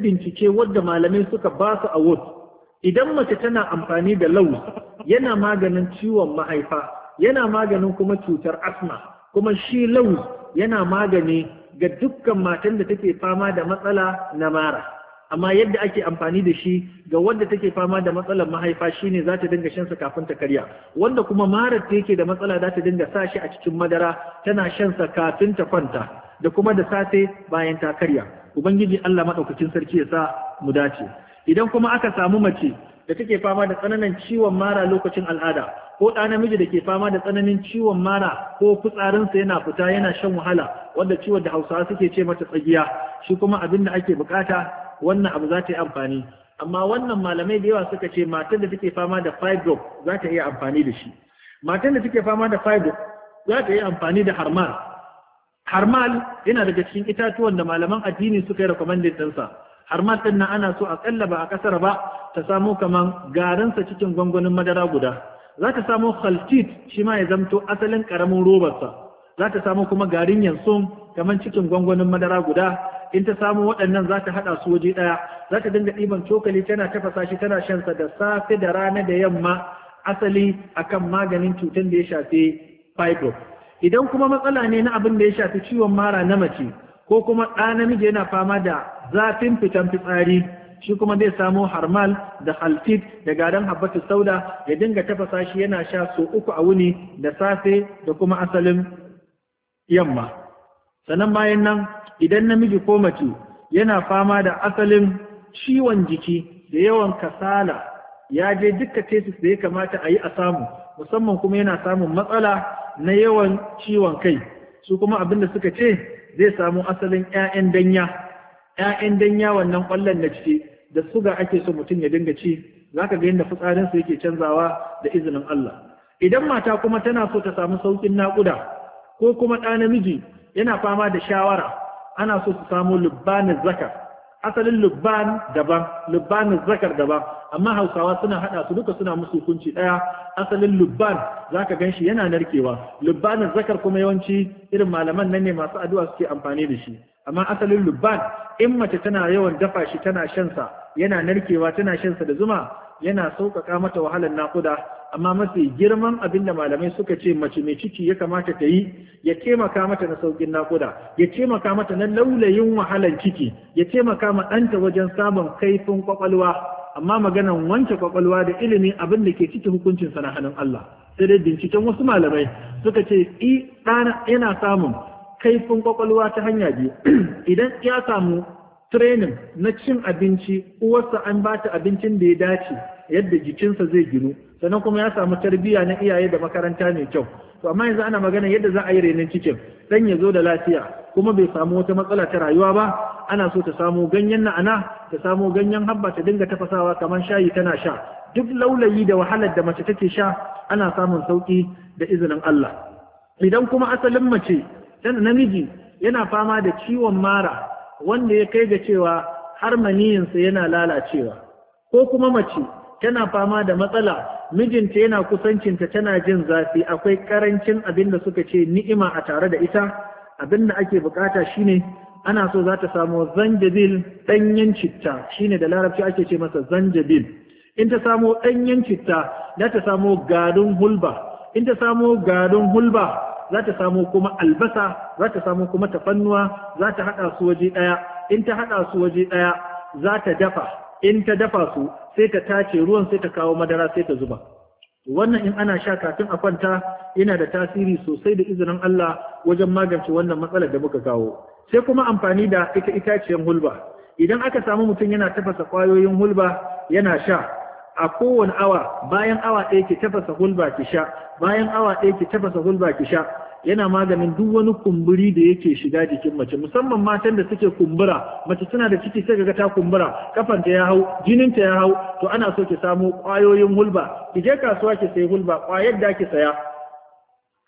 bincike wadda malamai suka ba su a award idan mace tana amfani da lau yana maganin ciwon mahaifa yana maganin kuma cutar asma kuma shi lau yana magani ga dukkan matan da take fama da matsala na mara amma yadda ake amfani da shi ga wadda take fama da matsalar mahaifa shine za ta dinga shan sa kafin ta karya wanda kuma marar ta yake da matsala za ta dinga sa shi a cikin madara tana shan sa kafin ta kwanta da kuma da safe bayan ta karya ubangiji Allah madaukakin sarki ya sa mu dace idan kuma aka samu mace da take fama da tsananin ciwon mara lokacin al'ada ko ɗa namiji da ke fama da tsananin ciwon mara ko fitsarinsa yana fita yana shan wahala wanda ciwon da hausawa suke ce mata tsagiya shi kuma abin da ake bukata wannan abu za ta yi amfani amma wannan malamai da yawa suka ce matan da take fama da fibro za ta iya amfani da shi matan da take fama da fibro za ta yi amfani da harmar harmal yana daga cikin itatuwan da malaman addini suka yi rekomendin ɗinsa harmal ɗin nan ana so a tsalla ba a ƙasar ba ta samo kaman garinsa cikin gwangwanin madara guda za ta samo khaltit shi ma ya zamto asalin ƙaramin robarsa za ta samo kuma garin yansun kamar cikin gwangwanin madara guda in ta samo waɗannan za ta haɗa su waje ɗaya za ta dinga ɗiban cokali tana tafasa shi tana shansa da safe da rana da yamma asali akan maganin cutar da ya shafi fibro idan kuma matsala ne na abin da ya shafi ciwon mara na mace ko kuma ɗa namiji yana fama da zafin fitan fitsari shi kuma zai samo harmal da halfit da garin habbatu sauda ya dinga tafasa shi yana sha so uku a wuni da safe da kuma asalin yamma sannan bayan nan idan namiji ko mace yana fama da asalin ciwon jiki da yawan kasala ya je dukkan tesis da ya kamata a yi a samu musamman kuma yana samun matsala na yawan ciwon kai su kuma abin da suka ce zai samu asalin 'ya'yan danya 'ya'yan danya wannan ƙwallon na ciki da suga ake so mutum ya dinga ci zaka ka ga yadda fitsarinsu yake canzawa da izinin Allah idan mata kuma tana so ta samu saukin naƙuda ko kuma ɗa namiji yana fama da shawara ana so su samu lubbanin zakat asalin lubban daban lubban zakar daban amma hausawa suna hada su duka suna musu hukunci daya asalin lubban zaka ganshi yana narkewa lubban zakar kuma yawanci irin malaman nan ne masu addu'a suke amfani da shi amma asalin lubban in mace tana yawan dafa shi tana shan sa yana narkewa tana shan sa da zuma yana sauƙaƙa mata wahalar nakuda amma mafi girman abin da malamai suka ce mace mai ciki ya kamata ta yi ya taimaka mata na saukin nakuda ya taimaka mata na laulayin wahalar ciki ya taimaka ma ɗanta wajen samun kaifin kwakwalwa amma maganan wanke kwakwalwa da ilimi abin da ke cikin hukuncin sana hannun Allah sai dai binciken wasu malamai suka ce i ɗana yana samun kaifin kwakwalwa ta hanya biyu idan ya samu training na cin abinci uwarsa an ba ta abincin da ya dace yadda jikinsa zai ginu sannan kuma ya samu tarbiyya na iyaye da makaranta mai kyau to amma yanzu ana magana yadda za a yi renon cikin dan ya zo da lafiya kuma bai samu wata matsala ta rayuwa ba ana so ta samu ganyen na'ana ta samu ganyen habba ta dinga tafasawa kamar shayi tana sha duk laulayi da wahalar da mace take sha ana samun sauki da izinin Allah idan kuma asalin mace namiji yana fama da ciwon mara wanda ya kai ga cewa har maniyinsa yana lalacewa ko kuma mace tana fama da matsala mijinta yana kusancinta tana jin zafi akwai karancin abin da suka ce ni'ima a tare da ita abin da ake bukata shine ana so za ta samu zanjabil ɗanyen citta shine da larabci ake ce masa zanjabil in ta samo ɗanyen citta za ta samo garin hulba in ta samo garin hulba za ta samo kuma albasa za ta samo kuma tafannuwa za ta haɗa su waje ɗaya in ta haɗa su waje ɗaya za ta dafa in ta dafa su sai ta tace ruwan sai ta kawo madara sai ta zuba wannan in ana sha kafin a kwanta yana da tasiri sosai da izinin Allah wajen magance wannan matsalar da muka kawo sai kuma amfani da ita itaciyar hulba idan aka samu mutum yana tafasa kwayoyin hulba yana sha a kowane awa bayan awa ɗaya ki tafasa hulba ki sha bayan awa ɗaya ki tafasa hulba ki sha yana maganin duk wani kumburi da yake shiga jikin mace musamman matan da suke kumbura mace suna da ciki sai ga ta kumbura kafanta ya hau jininta ya hau to ana so ki samu ƙwayoyin hulba ki je kasuwa ki sayi hulba ƙwayar da ki saya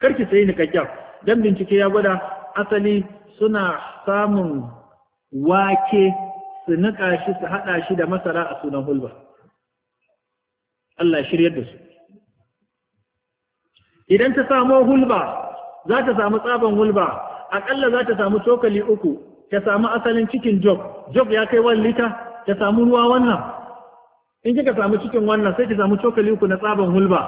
kar ki sayi nikakken dan bincike ya gwada asali suna samun wake su niƙa shi su haɗa shi da masara a sunan hulba Allah shiryar da su idan ta samu hulba za ta samu tsaban hulba akalla za ta samu cokali uku ta samu asalin cikin jog job ya kai wani lita ta samu ruwa wannan in kika samu cikin wannan sai ki samu cokali uku na tsaban hulba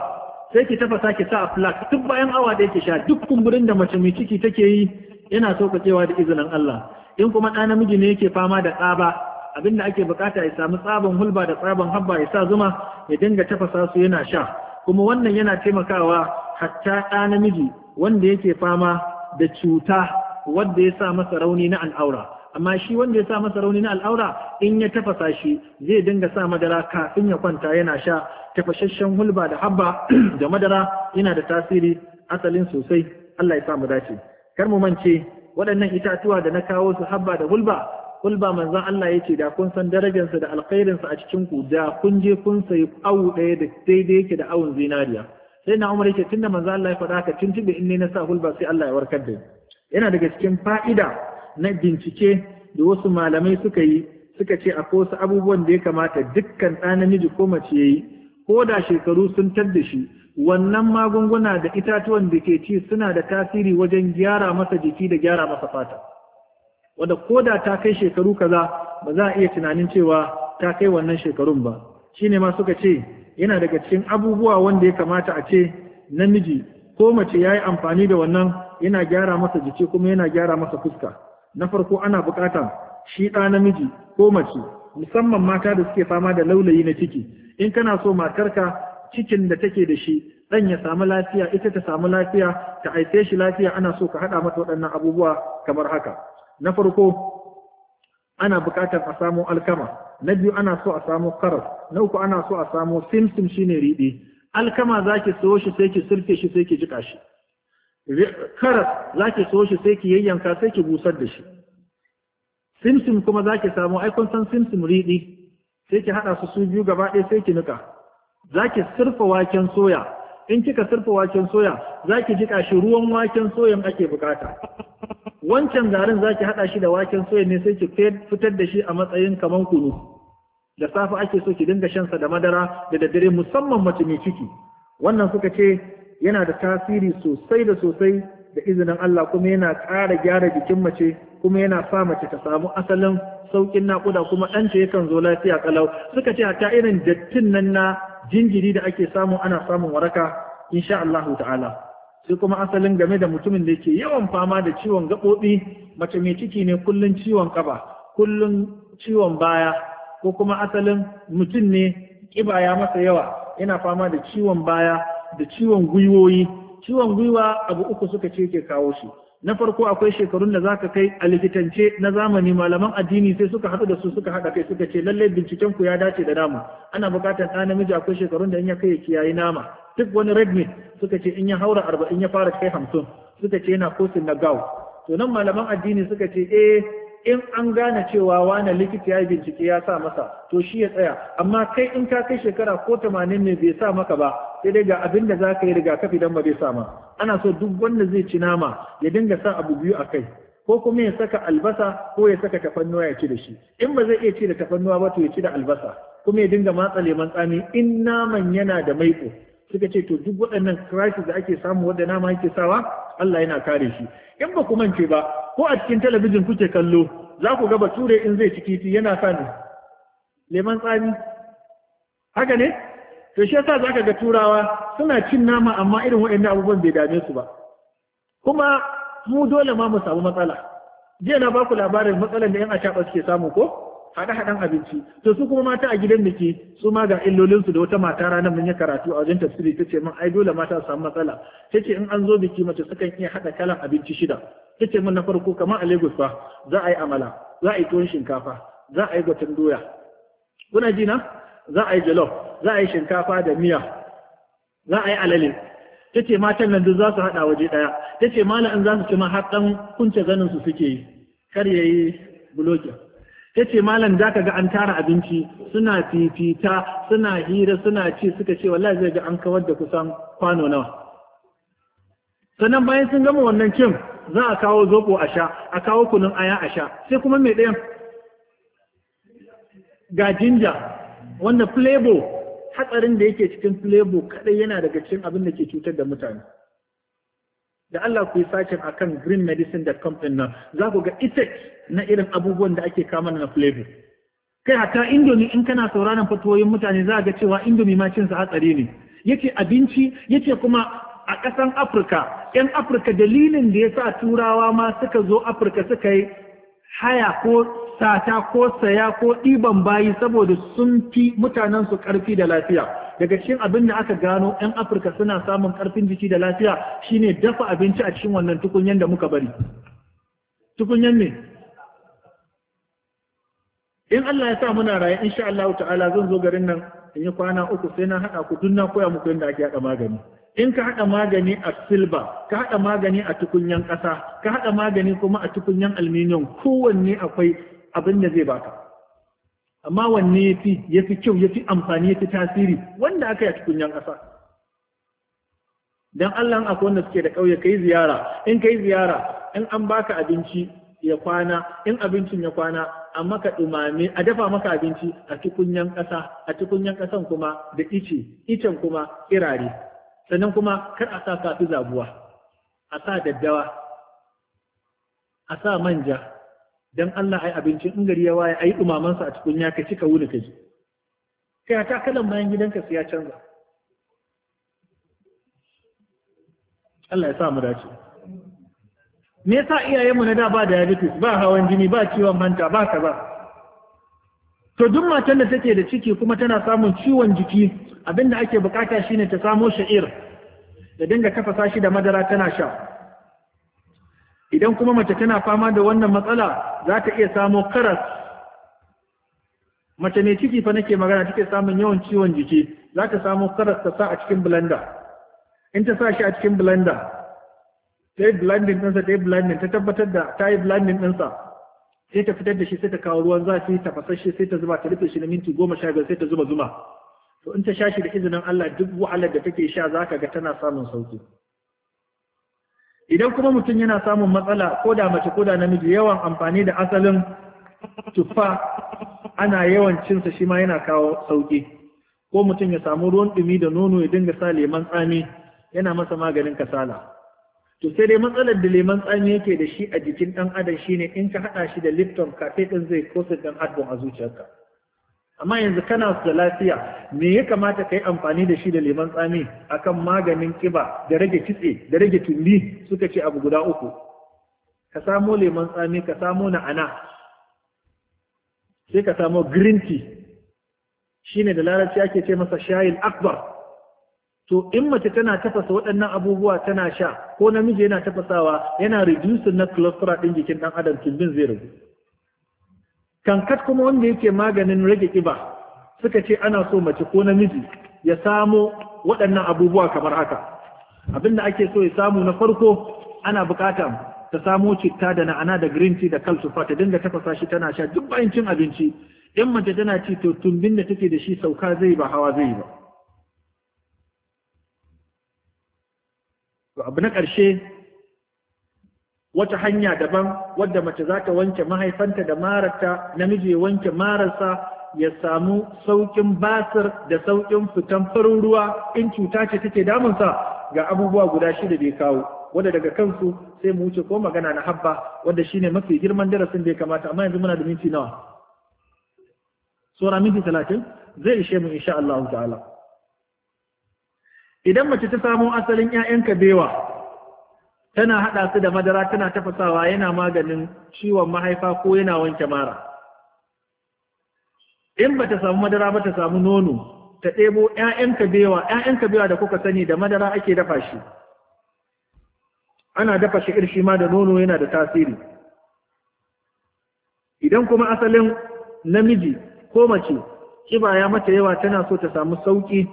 sai ki tafasa ki sa a flask duk bayan awa ɗaya ki sha duk kumburin da mace mai ciki take yi yana sauƙaƙewa da izinin Allah in kuma ɗa namiji ne yake fama da tsaba abinda ake bukata ya samu tsaban hulba da tsaban habba ya sa zuma ya dinga tafasa su yana sha kuma wannan yana taimakawa hatta ɗa namiji wanda yake fama da cuta wanda ya sa masa rauni na al'aura amma shi wanda ya sa masa rauni na al'aura in ya tafasa shi zai dinga sa madara kafin ya kwanta yana sha tafashashen hulba da habba da madara yana da tasiri asalin sosai Allah ya sa mu dace kar mu mance waɗannan itatuwa da na kawo su habba da hulba kul ba manzon Allah yake da kun san darajarsa da alkhairinsa a cikin ku da kun je kun sayi awu ɗaya da daidai yake da awun zinariya sai na Umar yake tunda manzon Allah ya faɗa ka tuntube in ne na sa hulba sai Allah ya warkar da yana daga cikin fa'ida na bincike da wasu malamai suka yi suka ce akwai wasu abubuwan da ya kamata dukkan ɗa namiji ko mace yayi ko da shekaru sun tar da shi wannan magunguna da itatuwan da ke ci suna da tasiri wajen gyara masa jiki da gyara masa fata wanda ko da ta kai shekaru kaza ba za a iya tunanin cewa ta kai wannan shekarun ba Shi ne ma suka ce yana daga cikin abubuwa wanda ya kamata a ce namiji ko mace ya yi amfani da wannan yana gyara masa jiki kuma yana gyara masa fuska na farko ana bukata shi ɗa namiji ko mace musamman mata da suke fama da laulayi na ciki in kana so matarka cikin da take da shi dan ya samu lafiya ita ta samu lafiya ta aice shi lafiya ana so ka hada mata waɗannan abubuwa kamar haka na farko ana buƙatar a samo alkama na biyu ana so a samo karas na uku ana so a samo simsim shine riɗi alkama zaki so shi sai ki surfe shi sai ki jika shi karas ki so shi sai ki yayyanka sai ki busar da shi simsim kuma zaki samu ai kun san simsim riɗi sai ki haɗa su su biyu gaba ɗaya sai ki nika zaki surfa waken soya in kika surfa waken soya zaki ji jiƙa shi ruwan waken soyan ake bukata wancan garin zaki ki haɗa shi da waken soya ne sai ki fitar da shi a matsayin kaman kunu da safe ake so ki dinga shansa da madara da daddare musamman mace mai ciki wannan suka ce yana da tasiri sosai da sosai da izinin Allah kuma yana ƙara gyara jikin mace kuma yana sa mace ta samu asalin saukin naƙuda kuma ɗanta yakan zo lafiya ƙalau suka ce hata irin dattin nan na jinjiri da ake samu ana samun waraka insha Allah ta'ala sai kuma asalin game da mutumin da yake yawan fama da ciwon gaɓoɓi mace mai ciki ne kullun ciwon kaba kullun ciwon baya ko kuma asalin mutum ne ƙiba ya masa yawa yana fama da ciwon baya da ciwon gwiwoyi ciwon gwiwa abu uku suka ce ke kawo shi na farko akwai shekarun da zaka kai a likitance na zamani malaman addini sai suka haɗu da su suka haɗa kai suka ce lallai binciken ku ya dace da nama ana buƙatar ɗa namiji akwai shekarun da in ya kai ya kiyaye nama duk wani red meat suka ce in ya haura arba'in ya fara kai hamsin suka ce yana kosin na gaw to nan malaman addini suka ce eh in an gane cewa wani likita ya bincike ya sa masa to shi ya tsaya amma kai in ka kai shekara ko tamanin ne bai sa maka ba sai dai ga abin da za ka yi rigakafi don ba bai sa ma ana so duk wanda zai ci nama ya dinga sa abu biyu a kai ko kuma ya saka albasa ko ya saka tafannuwa ya ci da shi in ba zai iya ci da tafannuwa ba to ya ci da albasa kuma ya dinga matsa leman tsami in naman yana da maiƙo suka ce to duk waɗannan crisis da ake samu wadda nama yake sawa Allah yana kare shi in ba ku mance ba ko a cikin talabijin kuke kallo za ku ga bature in zai ciki yana sa ne leman tsami haka ne to shi yasa zaka ga turawa suna cin nama amma irin waɗannan abubuwan bai dame su ba kuma mu dole ma mu samu matsala jiya na baku labarin matsalar da yan acaɓa suke samu ko hada-hadan abinci to su kuma mata a gidan da su ma ga su da wata mata ranar mun yi karatu a wajen tafsiri ta ce min ai dole mata su samu matsala ta ce in an zo biki mace sukan iya hada kalan abinci shida ta ce min na farko kamar a Lagos fa za a yi amala za a yi tuwon shinkafa za a yi gwatin doya kuna ji na za a yi jollof za a yi shinkafa da miya za a yi alale ta ce matan nan duk za su hada waje daya ta ce malam in za su ci ma har dan kunce ganin su suke yi kar yayi bulokin ta ce malam da ka ga an tara abinci suna fifita suna hira suna ci suka ce wallahi zai ga an kawar da kusan kwano nawa sannan bayan sun gama wannan kim za a kawo zobo a sha a kawo kunun aya a sha sai kuma mai ɗayan ga jinja wanda flavor hatsarin da yake cikin flavor kaɗai yana daga cikin abin da ke cutar da mutane da Allah ku yi a akan greenmedicine.com ɗin nan za ku ga effect na irin abubuwan da ake kama na flavor kai haka indomi in kana sauraron fatoyin mutane za ga cewa indomi ma cin sa hatsari ne yake abinci yace kuma a ƙasan Afirka yan Afirka dalilin da ya sa turawa ma suka zo Afirka suka yi haya ko sata ko saya ko ɗiban bayi saboda sun fi mutanensu ƙarfi da lafiya daga cikin abin da aka gano 'yan afirka suna samun karfin jiki da lafiya shine dafa abinci a cikin wannan tukunyen da muka bari tukunyen ne in Allah ya sa muna raye insha Allah ta'ala zan zo garin nan in yi kwana uku sai na haɗa ku na koya muku yadda ake haɗa magani in ka haɗa magani a silba ka haɗa magani a tukunyen ƙasa ka haɗa magani kuma a tukunyen aluminium kowanne akwai abin da zai baka amma wanne ya fi ya fi kyau ya amfani ya fi tasiri wanda aka yi a tukunyan ƙasa don Allah akwai wanda suke da ƙauye kai ziyara in kai ziyara in an baka abinci ya kwana in abincin ya kwana a maka ɗumame a dafa maka abinci a tukunyan ƙasa a tukunyan ƙasan kuma da ice icen kuma irare sannan kuma kar a sa kafi zabuwa a sa daddawa a sa manja dan Allah ai abincin in gari ya waye ai dumaman sa a tukunya ka cika wuni kaji kai ta kalan bayan gidanka sai ya canza Allah ya sa mu dace me yasa iyayenmu na da ba diabetes ba hawan jini ba ciwon hanta ba kaza to duk matan da take da ciki kuma tana samun ciwon jiki abinda ake bukata shine ta samo sha'ir da dinga tafasa shi da madara tana sha idan kuma mace tana fama da wannan matsala za ta iya samo karas mace ne ciki fa nake magana take samun yawan ciwon jiki za ta samo karas ta sa a cikin blender in ta sa shi a cikin blender ta yi blending ɗinsa ta yi blending ta tabbatar da ta yi blending ɗinsa sai ta fitar da shi sai ta kawo ruwan zafi ta fasashe sai ta zuba ta rufe shi na minti goma sha biyar sai ta zuba zuma to in ta sha shi da izinin Allah duk wahalar da take sha za ka ga tana samun sauki idan kuma mutum yana samun matsala ko da mace ko da namiji yawan amfani da asalin tuffa ana yawan cinsa shi ma yana kawo sauƙi, ko mutum ya samu ruwan ɗumi da nono ya dinga sa leman tsami yana masa maganin kasala to sai dai matsalar da leman tsami yake da shi a jikin ɗan adam shine in ka haɗa shi da lipton cafe ɗin zai kosa dan adon a zuciyarka amma yanzu kana da lafiya me ya kamata ka yi amfani da shi da leman tsami akan maganin ƙiba da rage kitse da rage tumbi suka ce abu guda uku ka samo leman tsami ka samo na'ana sai ka samo green tea shine da larabci ake ce masa shayin akbar to in mace tana tafasa waɗannan abubuwa tana sha ko namiji yana tafasawa yana reducing na cholesterol ɗin jikin ɗan adam tumbin zai ragu kankat kuma wanda yake maganin rage ƙiba suka ce ana so mace ko namiji ya samo waɗannan abubuwa kamar haka abinda ake so ya samu na farko ana buƙatar ta samo citta da na'ana da green tea da kalsufa ta dinga tafasa shi tana sha duk bayan cin abinci in mace tana ci to tumbin da take da shi sauka zai ba hawa zai ba abu na ƙarshe wata hanya daban wadda mace za ta wanke mahaifanta da mararta namiji ya wanke mararsa ya samu saukin basir da sauƙin fitan farin ruwa in cuta ce take damunsa ga abubuwa guda shida bai kawo wadda daga kansu sai mu wuce ko magana na habba wadda shine mafi girman darasin da ya kamata amma yanzu muna da minti nawa sura minti talatin zai ishe mu insha Allah ta'ala idan mace ta samo asalin 'ya'yan kabewa tana haɗa su da madara tana tafasawa yana maganin ciwon mahaifa ko yana wanke mara in ba ta samu madara ba ta samu nono ta ɗebo 'ya'yan kabewa 'ya'yan kabewa da kuka sani da madara ake dafa shi ana dafa shi irshi ma da nono yana da tasiri idan kuma asalin namiji ko mace kiba ya mata yawa tana so ta samu sauƙi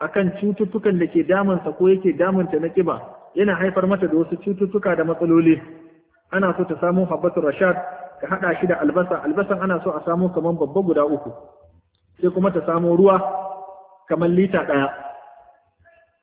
akan cututtukan da ke damansa ko yake damunta na ƙiba. yana haifar mata da wasu cututtuka da matsaloli ana so ta samu habbatul rashad ka hada shi da albasa albasan ana so a samu kamar babba guda uku sai kuma ta samu ruwa kamar lita daya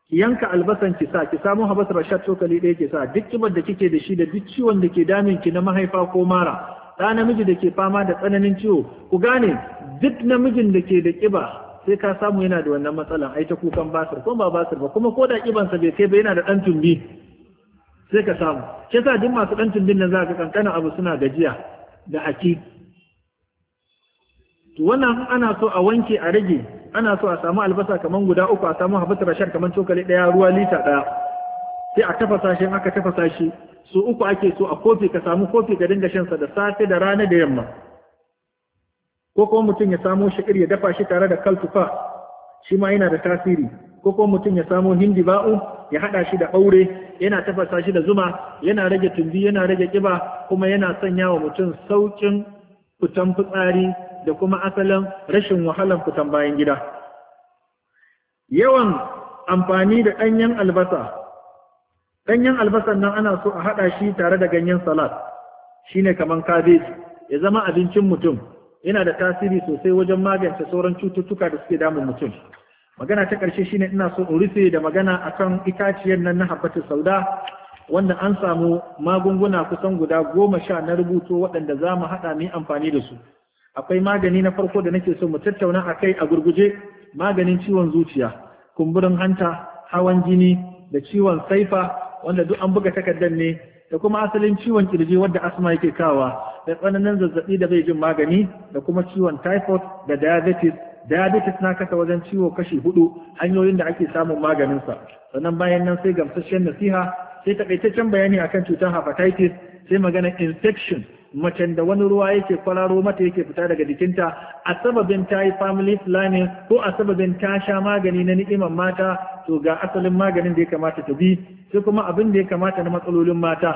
ki yanka albasan ki sa ki samu habbatul rashad cokali ɗaya ki sa duk kibar da kike da shi da duk ciwon da ke damin ki na mahaifa ko mara ɗa namiji da ke fama da tsananin ciwo ku gane duk namijin da ke da kiba sai ka samu yana da wannan matsalan ai ta kukan basir ko ba basir ba kuma ko da kibansa bai kai ba yana da dan tumbi sai ka samu ke sa duk masu dan tumbin nan ka kankana abu suna gajiya da haki to wannan ana so a wanke a rage ana so a samu albasa kaman guda uku a samu habatu rashar kaman cokali ɗaya ruwa lita daya sai a tafasa shi aka tafasa shi su uku ake so a kofi ka samu kofi ka dinga shan da safe da rana da yamma ko kuma mutum ya samo shakir ya dafa shi tare da kaltufa shi ma yana da tasiri ko kuma mutum ya samo hindi ba'u ya hada shi da aure yana tafasa shi da zuma yana rage tumbi yana rage kiba kuma yana sanya wa mutum saukin fitan fitsari da kuma asalin rashin wahalan fitan bayan gida yawan amfani da ɗanyen albasa ɗanyen albasan nan ana so a haɗa shi tare da ganyen salat shine kaman kabeji ya zama abincin mutum yana da tasiri sosai wajen magance sauran cututtuka da suke damun mutum magana ta ƙarshe shine ina so in rufe da magana akan itaciyar nan na habbatus sauda wanda an samu magunguna kusan guda goma sha na rubuto waɗanda za mu haɗa mu amfani da su akwai magani na farko da nake so mu tattauna a kai a gurguje maganin ciwon zuciya kumburin hanta hawan jini da ciwon saifa wanda duk an buga takardar ne da kuma asalin ciwon kirji wadda asma yake kawa da tsananin zazzabi da bai jin magani da kuma ciwon typhoid da diabetes diabetes na kasa wajen ciwo kashi hudu hanyoyin da ake samun maganin sa sannan bayan nan sai gamsasshen nasiha sai takaitaccen bayani akan cutar hepatitis sai magana infection macen da wani ruwa yake kwararo mata yake fita daga jikinta a sababin ta yi family planning ko a sababin ta sha magani na ni'imar mata to ga asalin maganin da ya kamata ta bi sai kuma abin da ya kamata na matsalolin mata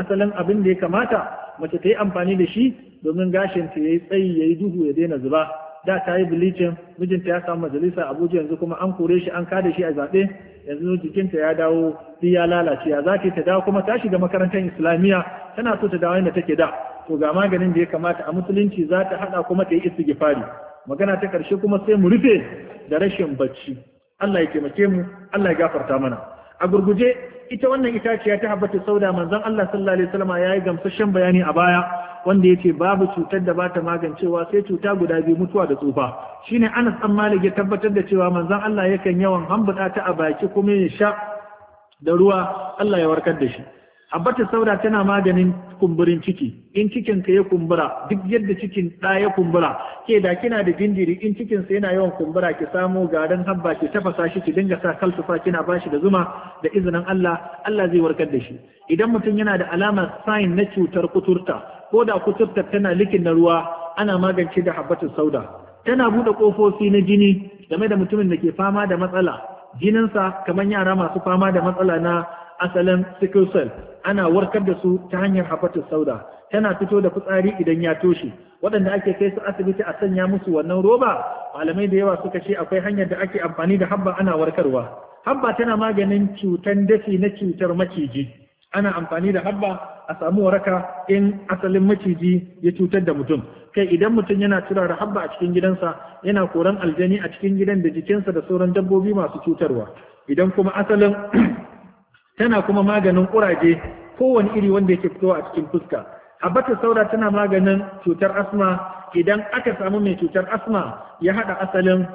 asalin abin da ya kamata mace ta yi amfani da shi domin gashin ta yayi tsayi yayi duhu ya daina zuba da ta yi bleaching mijinta ya samu majalisa Abuja yanzu kuma an kore shi an kada shi a zaɓe yanzu jikinta ya dawo duk ya lalace ya zaki ta dawo kuma ta ga makarantar islamiyya tana so ta dawo inda take da to ga maganin da ya kamata a musulunci za ta haɗa kuma ta yi istighfari magana ta karshe kuma sai mu rufe da rashin bacci Allah ya taimake mu Allah ya gafarta mana a gurguje ita wannan itaciya ta habbatu sauda manzon Allah sallallahu alaihi wasallam yayi gamsashen bayani a baya wanda yake babu cutar da bata magancewa sai cuta guda biyu mutuwa da tsufa shine Anas dan Malik ya tabbatar da cewa manzon Allah yakan yawan hambuda ta a baki kuma ya sha da ruwa Allah ya warkar da shi abata sauda tana maganin kumburin ciki in cikin ka ya kumbura duk yadda cikin ɗa ya kumbura ke da kina da bindiri. in cikin sa yana yawan kumbura ki samo garin habba ki tafasa shi ki dinga sa kalsufa kina bashi da zuma da izinin Allah Allah zai warkar da shi idan mutum yana da alamar sign na cutar kuturta ko da kuturta tana likin na ruwa ana magance da Habbatin sauda tana buɗe kofofi na jini game da mutumin da ke fama da matsala jininsa kamar yara masu fama da matsala na asalin sickle cell ana warkar da su ta hanyar hafatus sauda tana fito da fitsari idan ya toshe waɗanda ake kai su asibiti a sanya musu wannan roba malamai da yawa suka ce akwai hanyar da ake amfani da habba ana warkarwa habba tana maganin cutan dafi na cutar maciji ana amfani da habba a samu waraka in asalin maciji ya cutar da mutum kai idan mutum yana turara habba a cikin gidansa yana koran aljani a cikin gidan da jikinsa da sauran dabbobi masu cutarwa idan kuma asalin tana kuma maganin ƙuraje kowane iri wanda yake fitowa a cikin fuska habbatus sauda tana maganin cutar asma idan aka samu mai cutar asma ya haɗa asalin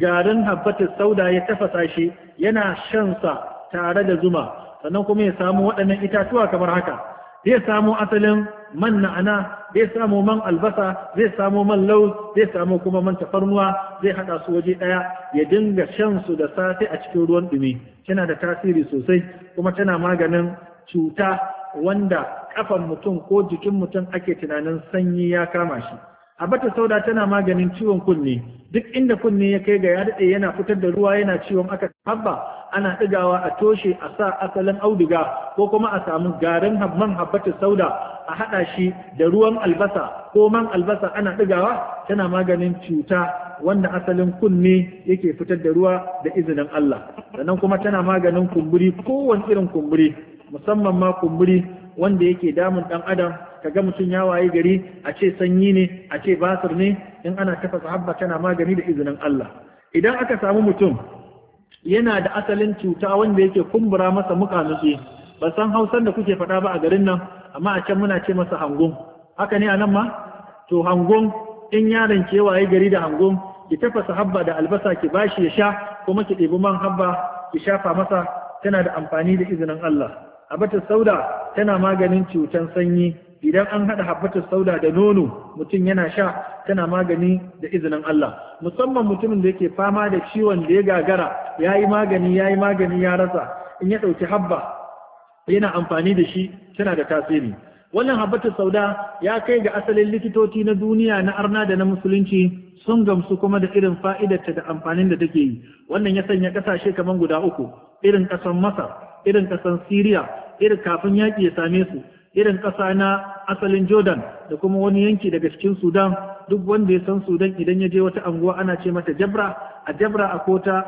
garin habbatar sauda ya tafasa shi yana shansa tare da zuma sannan kuma ya samu waɗannan itatuwa kamar haka zai samu asalin man na'ana zai samu man albasa zai samo man lau zai samu kuma man tafarnuwa zai hada su waje daya ya dinga shan su da safe a cikin ruwan dumi tana da tasiri sosai kuma tana maganin cuta wanda kafan mutum ko jikin mutum ake tunanin sanyi ya kama shi abata sauda tana maganin ciwon kunne duk inda kunne ya kai ga ya daɗe yana fitar da ruwa yana ciwon aka habba ana ɗigawa a toshe a sa asalin auduga ko kuma a samu garin man habbata sauda a haɗa shi da ruwan albasa ko man albasa ana ɗigawa tana maganin cuta wanda asalin kunne yake fitar da ruwa da izinin Allah sannan kuma tana maganin kumburi kowane irin kumburi musamman ma kumburi wanda yake damun ɗan adam Ka ga mutum ya waye gari a ce sanyi ne a ce basir ne in ana tafasa habba tana magani da izinin Allah idan aka samu mutum yana da asalin cuta wanda yake kumbura masa mukamuki ba san hausan da kuke faɗa ba a garin nan amma a can muna ce masa hangun haka ne a nan ma to hangun in yaron ke waye gari da hangun ki tafasa habba da albasa ki bashi ya sha kuma ki ɗebi man habba ki shafa masa tana da amfani da izinin Allah abata sauda tana maganin cutan sanyi idan an haɗa habbatar sauda da nono mutum yana sha tana magani da izinin Allah musamman mutumin da yake fama da ciwon da ya gagara ya yi magani ya yi magani ya rasa in ya ɗauki habba yana amfani da shi tana da tasiri wannan habbatar sauda ya kai ga asalin likitoci na duniya na arna da na musulunci sun gamsu kuma da irin ta da amfanin da take yi wannan ya sanya ƙasashe kamar guda uku irin ƙasar masar irin ƙasar siriya irin kafin yaki ya same su irin ƙasa na asalin jordan da kuma wani yanki daga cikin sudan duk wanda ya san sudan idan ya je wata anguwa ana ce mata jabra a jabra a kota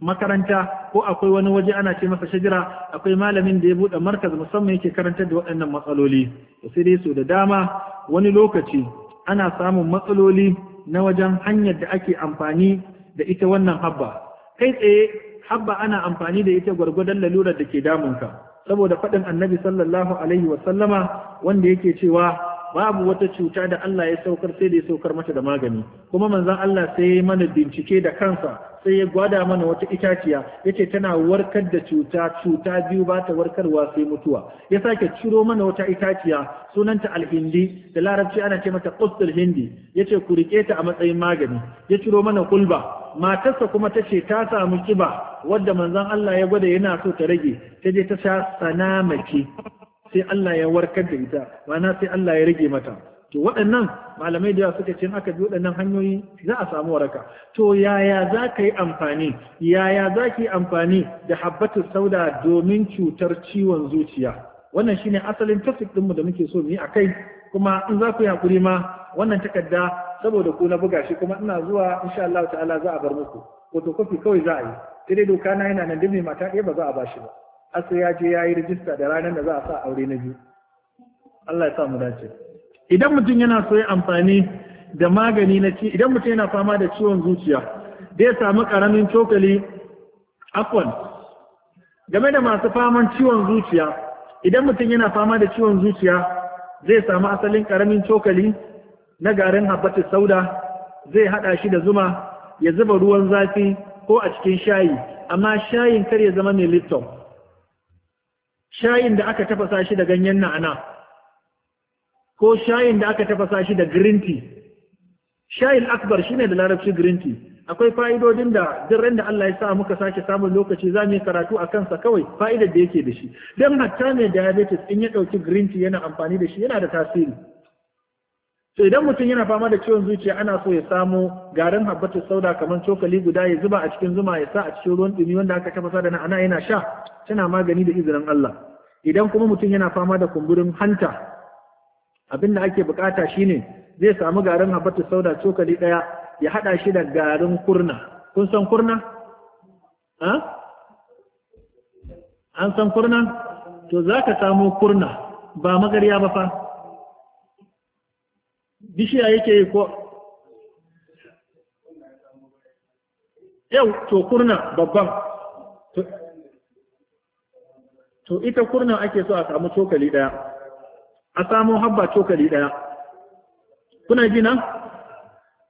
makaranta ko akwai wani waje ana ce masa shajira akwai malamin da ya buɗe markaz musamman yake karantar da waɗannan matsaloli da sai dai su da dama wani lokaci ana samun matsaloli na wajen hanyar da ake amfani da ita wannan habba kai tsaye habba ana amfani da ita gwargwadon lalurar da ke damunka saboda faɗin annabi sallallahu alaihi wasallama wanda yake cewa babu wata cuta da Allah ya saukar sai da ya saukar mata da magani kuma manzon Allah sai ya mana bincike da kansa sai ya gwada mana wata itaciya yace tana warkar da cuta cuta biyu ba ta warkarwa sai mutuwa ya sake ciro mana wata itaciya sunanta alhindi da larabci ana ce mata qustul hindi yace ku rike ta a matsayin magani ya ciro mana kulba matarsa kuma tace ta samu kiba wadda manzon Allah ya gwada yana so ta rage ta je ta sha sanamaki sai Allah ya warkar da ita ma'ana sai Allah ya rage mata to waɗannan malamai da suka ce aka bi waɗannan hanyoyi za a samu waraka to yaya za ka yi amfani yaya za ki yi amfani da habbatu sauda domin cutar ciwon zuciya wannan shine asalin tafsir ɗinmu da muke so mu yi a kai. kuma in za ku yi hakuri ma wannan takarda saboda ku na buga shi kuma ina zuwa insha Allah ta'ala za a bar muku wato kawai za a yi sai dai doka na yana nan dai mata ɗaya ba za a ba shi ba asu ya je ya yi rijista da ranar da za a sa aure na biyu Allah ya sa mu dace idan mutum yana so ya amfani da magani na ci idan mutum yana fama da ciwon zuciya da ya samu karamin cokali afwan game da masu faman ciwon zuciya idan mutum yana fama da ciwon zuciya zai samu asalin karamin cokali na garin habbatus sauda zai hada shi da zuma ya zuba ruwan zafi ko a cikin shayi amma shayin kar ya zama mai litton. shayin da aka tafasa shi da ganyen na'ana ko shayin da aka tafasa shi da green tea shayin akbar shine da larabci green tea akwai fa'idodin da duk da Allah ya sa muka sake samun lokaci za mu yi karatu a kansa kawai fa'idar da yake da shi don hatta mai diabetes in ya ɗauki green tea yana amfani da shi yana da tasiri to idan mutum yana fama da ciwon zuciya ana so ya samu garin habbatu sauda kamar cokali guda ya zuba a cikin zuma ya sa a cikin ruwan dumi wanda aka tafasa da ana yana sha tana magani da izinin Allah idan kuma mutum yana fama da kumburin hanta abinda ake bukata shine zai samu garin habbatu sauda cokali daya ya hada shi da garin kurna kun san kurna ha an san kurna to zaka samo kurna ba magarya ba fa bishiya yake yi ko yau to kurna babban to ita kurna ake so a samu cokali daya a samu habba cokali daya kuna nan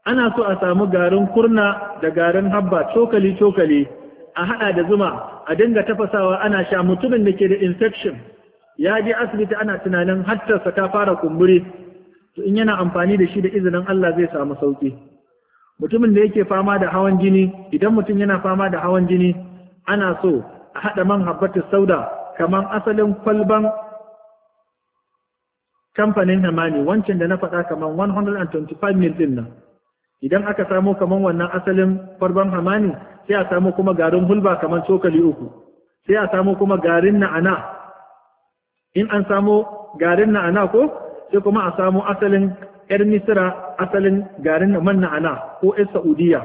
ana so a samu garin kurna da garin habba cokali cokali a hada da zuma a dinga tafasawa ana sha mutumin da ke da infection ya je asibiti ana tunanin hattarsa ta fara kumburi to in yana amfani da shi da izinin Allah zai samu sauki mutumin da yake fama da hawan jini idan mutum yana fama da hawan jini ana so a haɗa man habbatus sauda kaman asalin kwalban kamfanin hamani wancan da na faɗa kaman 125 mil din nan idan aka samo kaman wannan asalin kwalban hamani sai a samo kuma garin hulba kaman cokali uku sai a samo kuma garin na'ana in an samo garin na'ana ko sai kuma a samu asalin yar misira asalin garin manna ana ko yar saudiya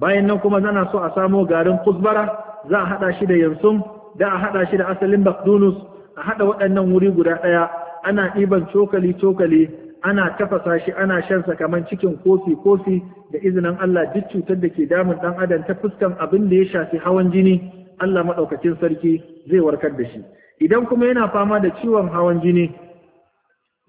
bayan nan kuma zana so a samo garin kusbara za a hada shi da Yansun. da a haɗa shi da asalin bakdunus a haɗa waɗannan wuri guda ɗaya ana ɗiban cokali cokali ana tafasa shi ana shansa kamar cikin kofi kofi da izinin Allah duk cutar da ke damun ɗan adam ta fuskan abin da ya shafi hawan jini Allah maɗaukacin sarki zai warkar da shi idan kuma yana fama da ciwon hawan jini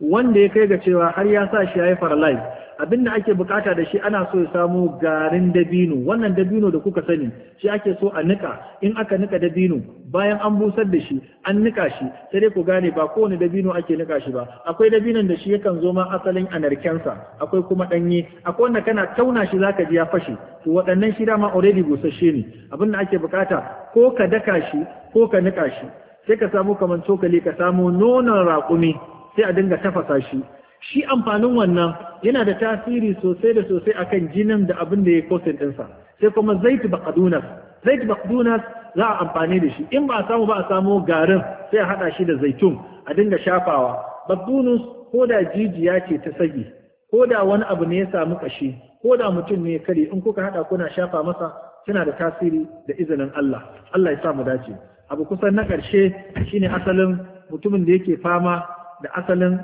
wanda ya kai ga cewa har ya sa shi ya yi faralai abinda ake bukata da shi ana so ya samu garin dabino wannan dabino da kuka sani shi ake so a nika in aka nika dabino bayan an busar da shi an nika shi sai dai ku gane ba kowane dabino ake nika shi ba akwai dabinon da shi yakan zo ma asalin anarkensa akwai kuma danye akwai wanda kana tauna shi zaka ji ya fashe to waɗannan shi dama already busasshe ne abin da ake bukata ko ka daka shi ko ka nika shi sai ka samu kamar cokali ka samu nonon raƙumi sai a dinga tafasa shi shi amfanin wannan yana da tasiri sosai da sosai akan jinin da abin da ya kosin ɗinsa sai kuma zaitu baqadunas zaitu baqadunas za a amfani da shi in ba a samu ba a samu garin sai a hada shi da zaitun a dinga shafawa baqdunus ko da jijiya ce ta sagi ko da wani abu ne ya samu kashi ko da mutum ne ya kare in kuka haɗa kuna shafa masa suna da tasiri da izinin Allah Allah ya sa mu dace abu kusan na karshe shine asalin mutumin da yake fama da asalin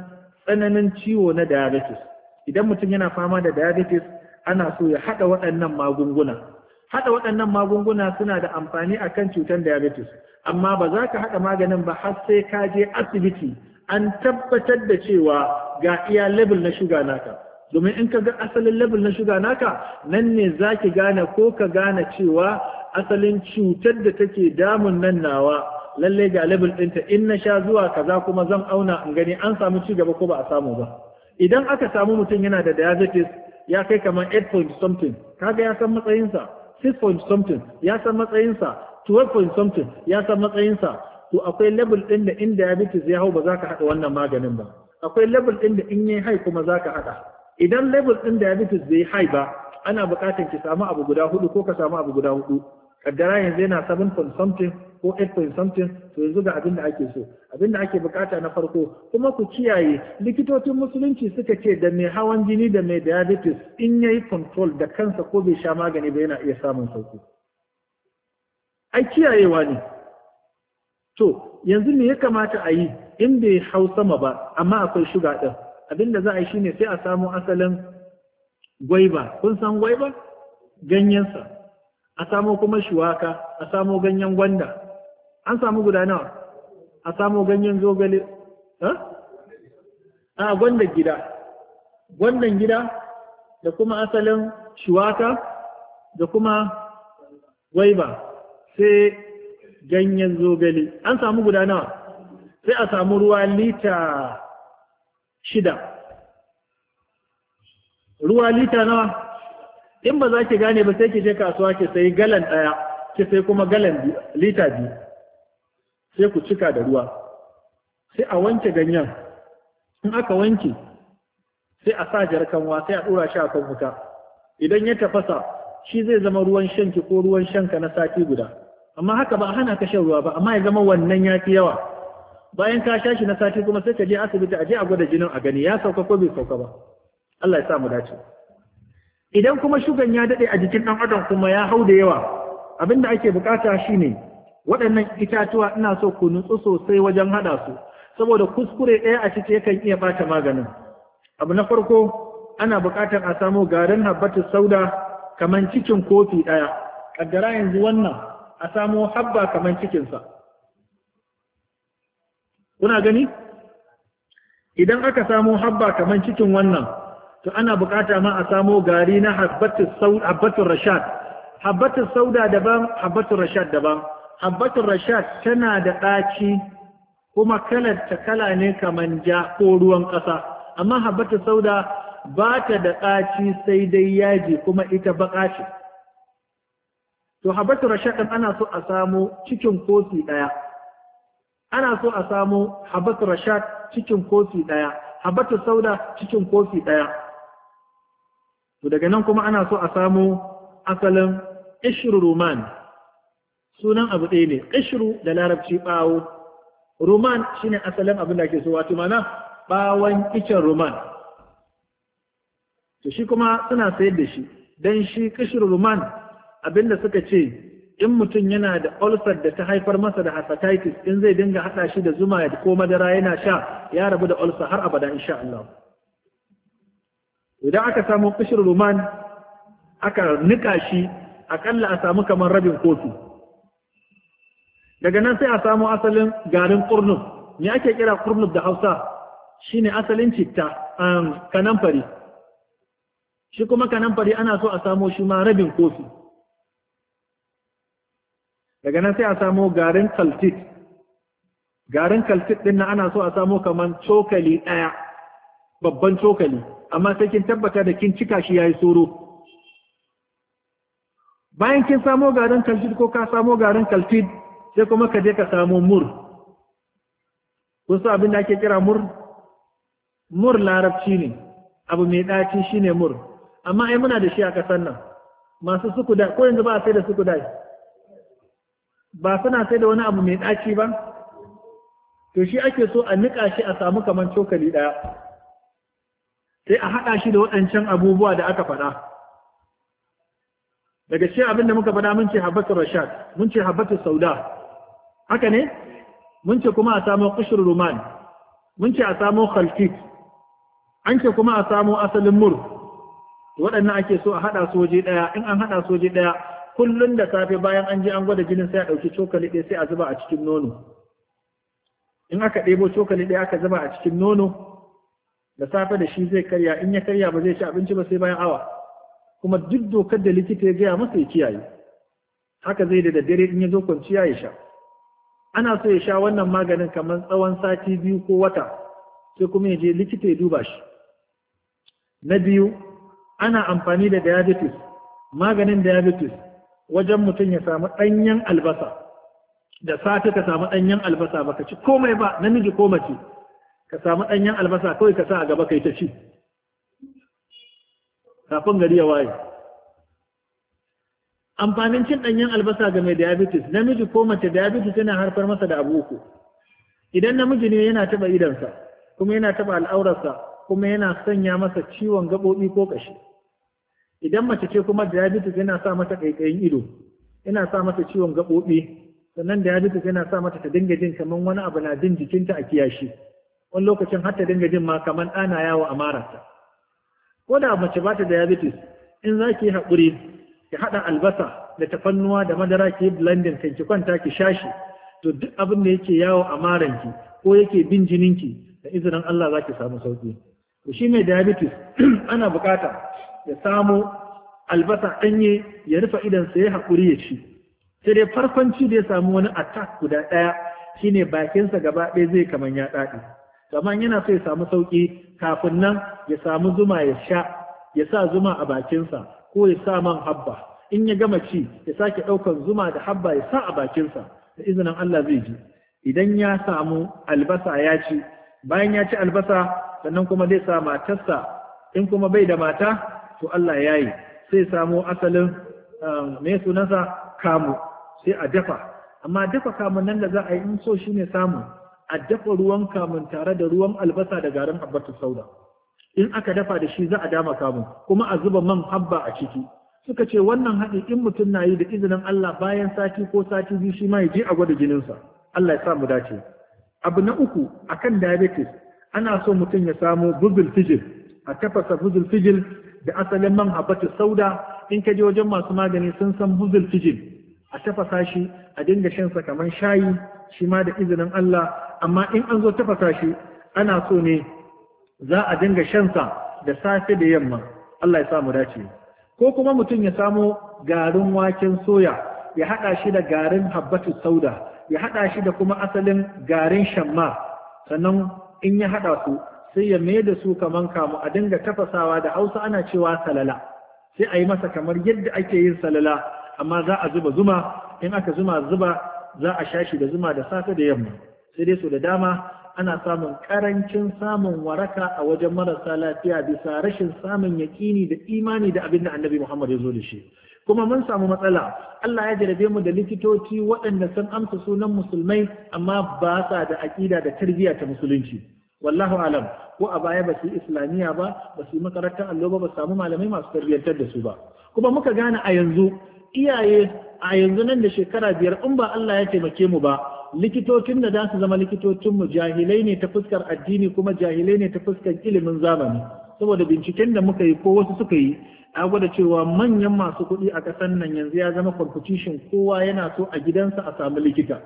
tsananin ciwo na diabetes idan mutum yana fama da diabetes ana so ya haɗa waɗannan magunguna haɗa waɗannan magunguna suna da amfani akan cutar diabetes amma ba za ka haɗa maganin ba har sai ka je asibiti an tabbatar da cewa ga iya level na shuga naka domin in ka ga asalin level na shuga naka nan ne za ki gane ko ka gane cewa asalin cutar da take damun nan nawa lalle ga level ɗinta in na sha zuwa kaza kuma zan auna in gani an samu ci gaba ko ba a samu ba idan aka samu mutum yana da diabetes ya kai kamar 8 point something kaga ya san matsayinsa 6 point something ya san matsayinsa 12 point something ya san matsayinsa to akwai level ɗin da in diabetes ya hau ba za ka haɗa wannan maganin ba akwai level ɗin da in yi hai kuma za ka haɗa idan level ɗin diabetes bai hai ba ana buƙatar ki samu abu guda hudu ko ka samu abu guda hudu kaddara yanzu yana 7 point something ko 8 something to yanzu ga abin da ake so abin da ake bukata na farko kuma ku kiyaye likitocin musulunci suka ce da mai hawan jini da mai diabetes in ya yi control da kansa ko bai sha magani ba yana iya samun sauki ai kiyayewa ne to yanzu me ya kamata a yi in bai hau sama ba amma akwai shuga din abin da za a yi shine sai a samu asalin gwaiba kun san gwaiba ganyensa a samo kuma shuwaka a samo ganyen gwanda an samu guda nawa a samu ganyen zogale a gwandan gida gwandan gida da kuma asalin shuwata, da kuma gwaiba sai ganyen zogale an samu guda nawa sai a samu ruwa lita shida ruwa lita nawa in ba za ki gane ba sai ki je kasuwa ki sayi galan ɗaya ki sai kuma galan lita biyu sai ku cika da ruwa sai a wanke ganyen in aka wanke sai a sa jarkanwa sai a dora shi a kan wuta idan ya tafasa shi zai zama ruwan shanki ko ruwan shanka na sati guda amma haka ba a hana ka shan ruwa ba amma ya zama wannan ya fi yawa bayan ka sha shi na sati kuma sai ka je asibiti a je a gwada jinin a gani ya sauka ko bai sauka ba Allah ya sa mu dace idan kuma shugan ya dade a jikin dan adam kuma ya hau da yawa abinda ake bukata shine waɗannan itatuwa ina so ku nutsu sosai wajen haɗa su saboda kuskure ɗaya a ciki yakan iya bata maganin abu na farko ana buƙatar a samu garin habbatu sauda kaman cikin kofi ɗaya ƙaddara yanzu wannan a samu habba kaman cikinsa kuna gani idan aka samu habba kaman cikin wannan to ana buƙata ma a samu gari na habbatu sauda habbatu rashad habbatu sauda daban habbatu rashad daban habbatul rashad tana da ɗaci kuma kalar ta kala ne kaman ja ko ruwan ƙasa amma habbatul sauda ba ta da ɗaci sai dai yaji kuma ita baƙa ce to habbatul rashad ɗin ana so a samu cikin kofi ɗaya ana so a samu habbatul rashad cikin kofi ɗaya habbatul sauda cikin kofi ɗaya to daga nan kuma ana so a samu asalin ishir rumani sunan abu ɗaya ne ƙishiru da larabci ɓawo roman shine asalin abin da ke so wato mana ɓawon kicin roman to shi kuma suna sayar da shi don shi ƙashiru roman abin da suka ce in mutum yana da ulcer da ta haifar masa da hepatitis in zai dinga haɗa shi da zuma ko madara yana sha ya rabu da ulcer har abada insha Allah idan aka samu ƙashiru roman aka nika shi akalla a samu kamar rabin kofi daga nan sai a samu asalin garin kurnub me ake kira kurnub da hausa Shi ne asalin citta A um, kananfari. shi kuma kananfari ana so a samo shi ma rabin kofi daga nan sai a samo garin kaltit garin kaltit din nan ana so a samo kamar cokali ɗaya babban cokali amma sai kin tabbata da kin cika shi yayi soro bayan kin samo garin kaltid ko ka samo garin kaltid sai kuma ka je ka samu mur Wasu abin da ake kira mur mur larabci ne abu mai ɗaci shine mur amma ai muna da shi a ƙasar nan masu suku da ko yanzu ba a sai da suku da ba suna sai da wani abu mai ɗaci ba to shi ake so a niƙa shi a samu kamar cokali ɗaya sai a haɗa shi da waɗancan abubuwa da aka faɗa daga shi abin da muka faɗa mun ce habbatu rashad mun ce habbatu sauda haka ne mun ce kuma a samo ƙashin ruman mun ce a samo khalkit an ce kuma a samo asalin mur waɗannan ake so a haɗa soje ɗaya in an haɗa soje ɗaya kullum da safe bayan an je an gwada jinin sai a ɗauki cokali ɗaya sai a zuba a cikin nono in aka ɗebo cokali ɗaya aka zuba a cikin nono da safe da shi zai karya in ya karya ba zai ci abinci ba sai bayan awa kuma duk dokar da likita ya gaya masa ya kiyaye haka zai da daddare in ya zo kwanciya ya sha ana so ya sha wannan maganin kamar tsawon sati biyu ko wata sai kuma ya je likita ya duba shi na biyu ana amfani da diabetes maganin diabetes wajen mutum ya samu ɗanyen albasa da safe ka samu ɗanyen albasa baka ci komai ba namiji ko mace ka samu ɗanyen albasa kawai ka sa a gaba kai ta ci kafin gari ya waye amfanin cin ɗanyen albasa ga mai diabetes namiji ko mace diabetes yana harfar masa da abu idan namiji ne yana taɓa idansa kuma yana taɓa al'aurarsa kuma yana sanya masa ciwon gaɓoɓi ko ƙashi idan mace ce kuma diabetes yana sa mata ƙaiƙayin ido yana sa mata ciwon gaɓoɓi sannan diabetes yana sa mata ta dinga jin kamar wani abu na jin jikinta a kiyashi wani lokacin har ta dinga jin ma kamar ɗana yawo a mararta ko da mace ba ta diabetes in za ki yi haƙuri ki haɗa albasa da tafannuwa da madara ki yi blending kan ki kwanta ki shashi to duk abin da yake yawo a maranki ko yake bin jinin ki da izinin Allah za ki samu sauki to shi mai diabetes ana bukata ya samu albasa danye ya rufe idan sa ya hakuri ya ci sai dai farkonci da ya samu wani attack guda ɗaya shine bakinsa gaba ɗaya zai kaman ya ɗaɗi kamar yana so ya samu sauki kafin nan ya samu zuma ya sha ya sa zuma a bakinsa ko ya sa man habba in ya gama ci ya sake ɗaukar zuma da habba ya sa a bakinsa da izinin Allah zai ji idan ya samu albasa ya ci bayan ya ci albasa sannan kuma zai sa matarsa in kuma bai da mata to Allah ya yi sai samu asalin mai um, sunansa kamu sai a dafa amma dafa kamun nan da za a yi in so shine samu a dafa ruwan kamun tare da ruwan albasa da garin habbatu sauda in aka dafa da shi za a dama kamun kuma a zuba man habba a ciki suka ce wannan haɗi in mutum na yi da izinin Allah bayan sati ko sati biyu shi ma ya je a gwada sa. Allah ya sa mu dace abu na uku akan diabetes ana so mutum ya samu buzul fijil a tafasa buzul fijil da asalin man habbatu sauda in ka je wajen masu magani sun san buzul fijil a tafasa shi a dinga shan sa kamar shayi shi ma da izinin Allah amma in an zo tafasa shi ana so ne za a dinga shansa da safe da yamma Allah ya samu dace ko kuma mutum ya samo garin waken soya ya haɗa shi da garin habbatu sauda ya haɗa shi da kuma asalin garin shamma sannan in ya haɗa su sai ya mai da su kaman kamu a dinga tafasawa da hausa ana cewa salala sai a yi masa kamar yadda ake yin salala amma za a zuba zuma in aka zuma zuba za a sha shi da zuma da safe da yamma sai dai su da dama ana samun karancin samun waraka a wajen marasa lafiya bisa rashin samun yaƙini da imani da abin da annabi Muhammad ya zo da shi kuma mun samu matsala Allah ya jarabe mu da likitoci waɗanda sun amsa sunan musulmai amma ba sa da aƙida da tarbiyya ta musulunci wallahu alam ko a baya ba su yi islamiyya ba ba su yi makarantar allo ba ba samu malamai masu tarbiyyantar da su ba kuma muka gane a yanzu iyaye a yanzu nan da shekara biyar in ba Allah ya taimake mu ba likitocin da za su zama likitocin mu jahilai ne ta fuskar addini kuma jahilai ne ta fuskar ilimin zamani saboda binciken da muka yi ko wasu suka yi a gwada cewa manyan masu kuɗi a ƙasar nan yanzu ya zama competition kowa yana so a gidansa a samu likita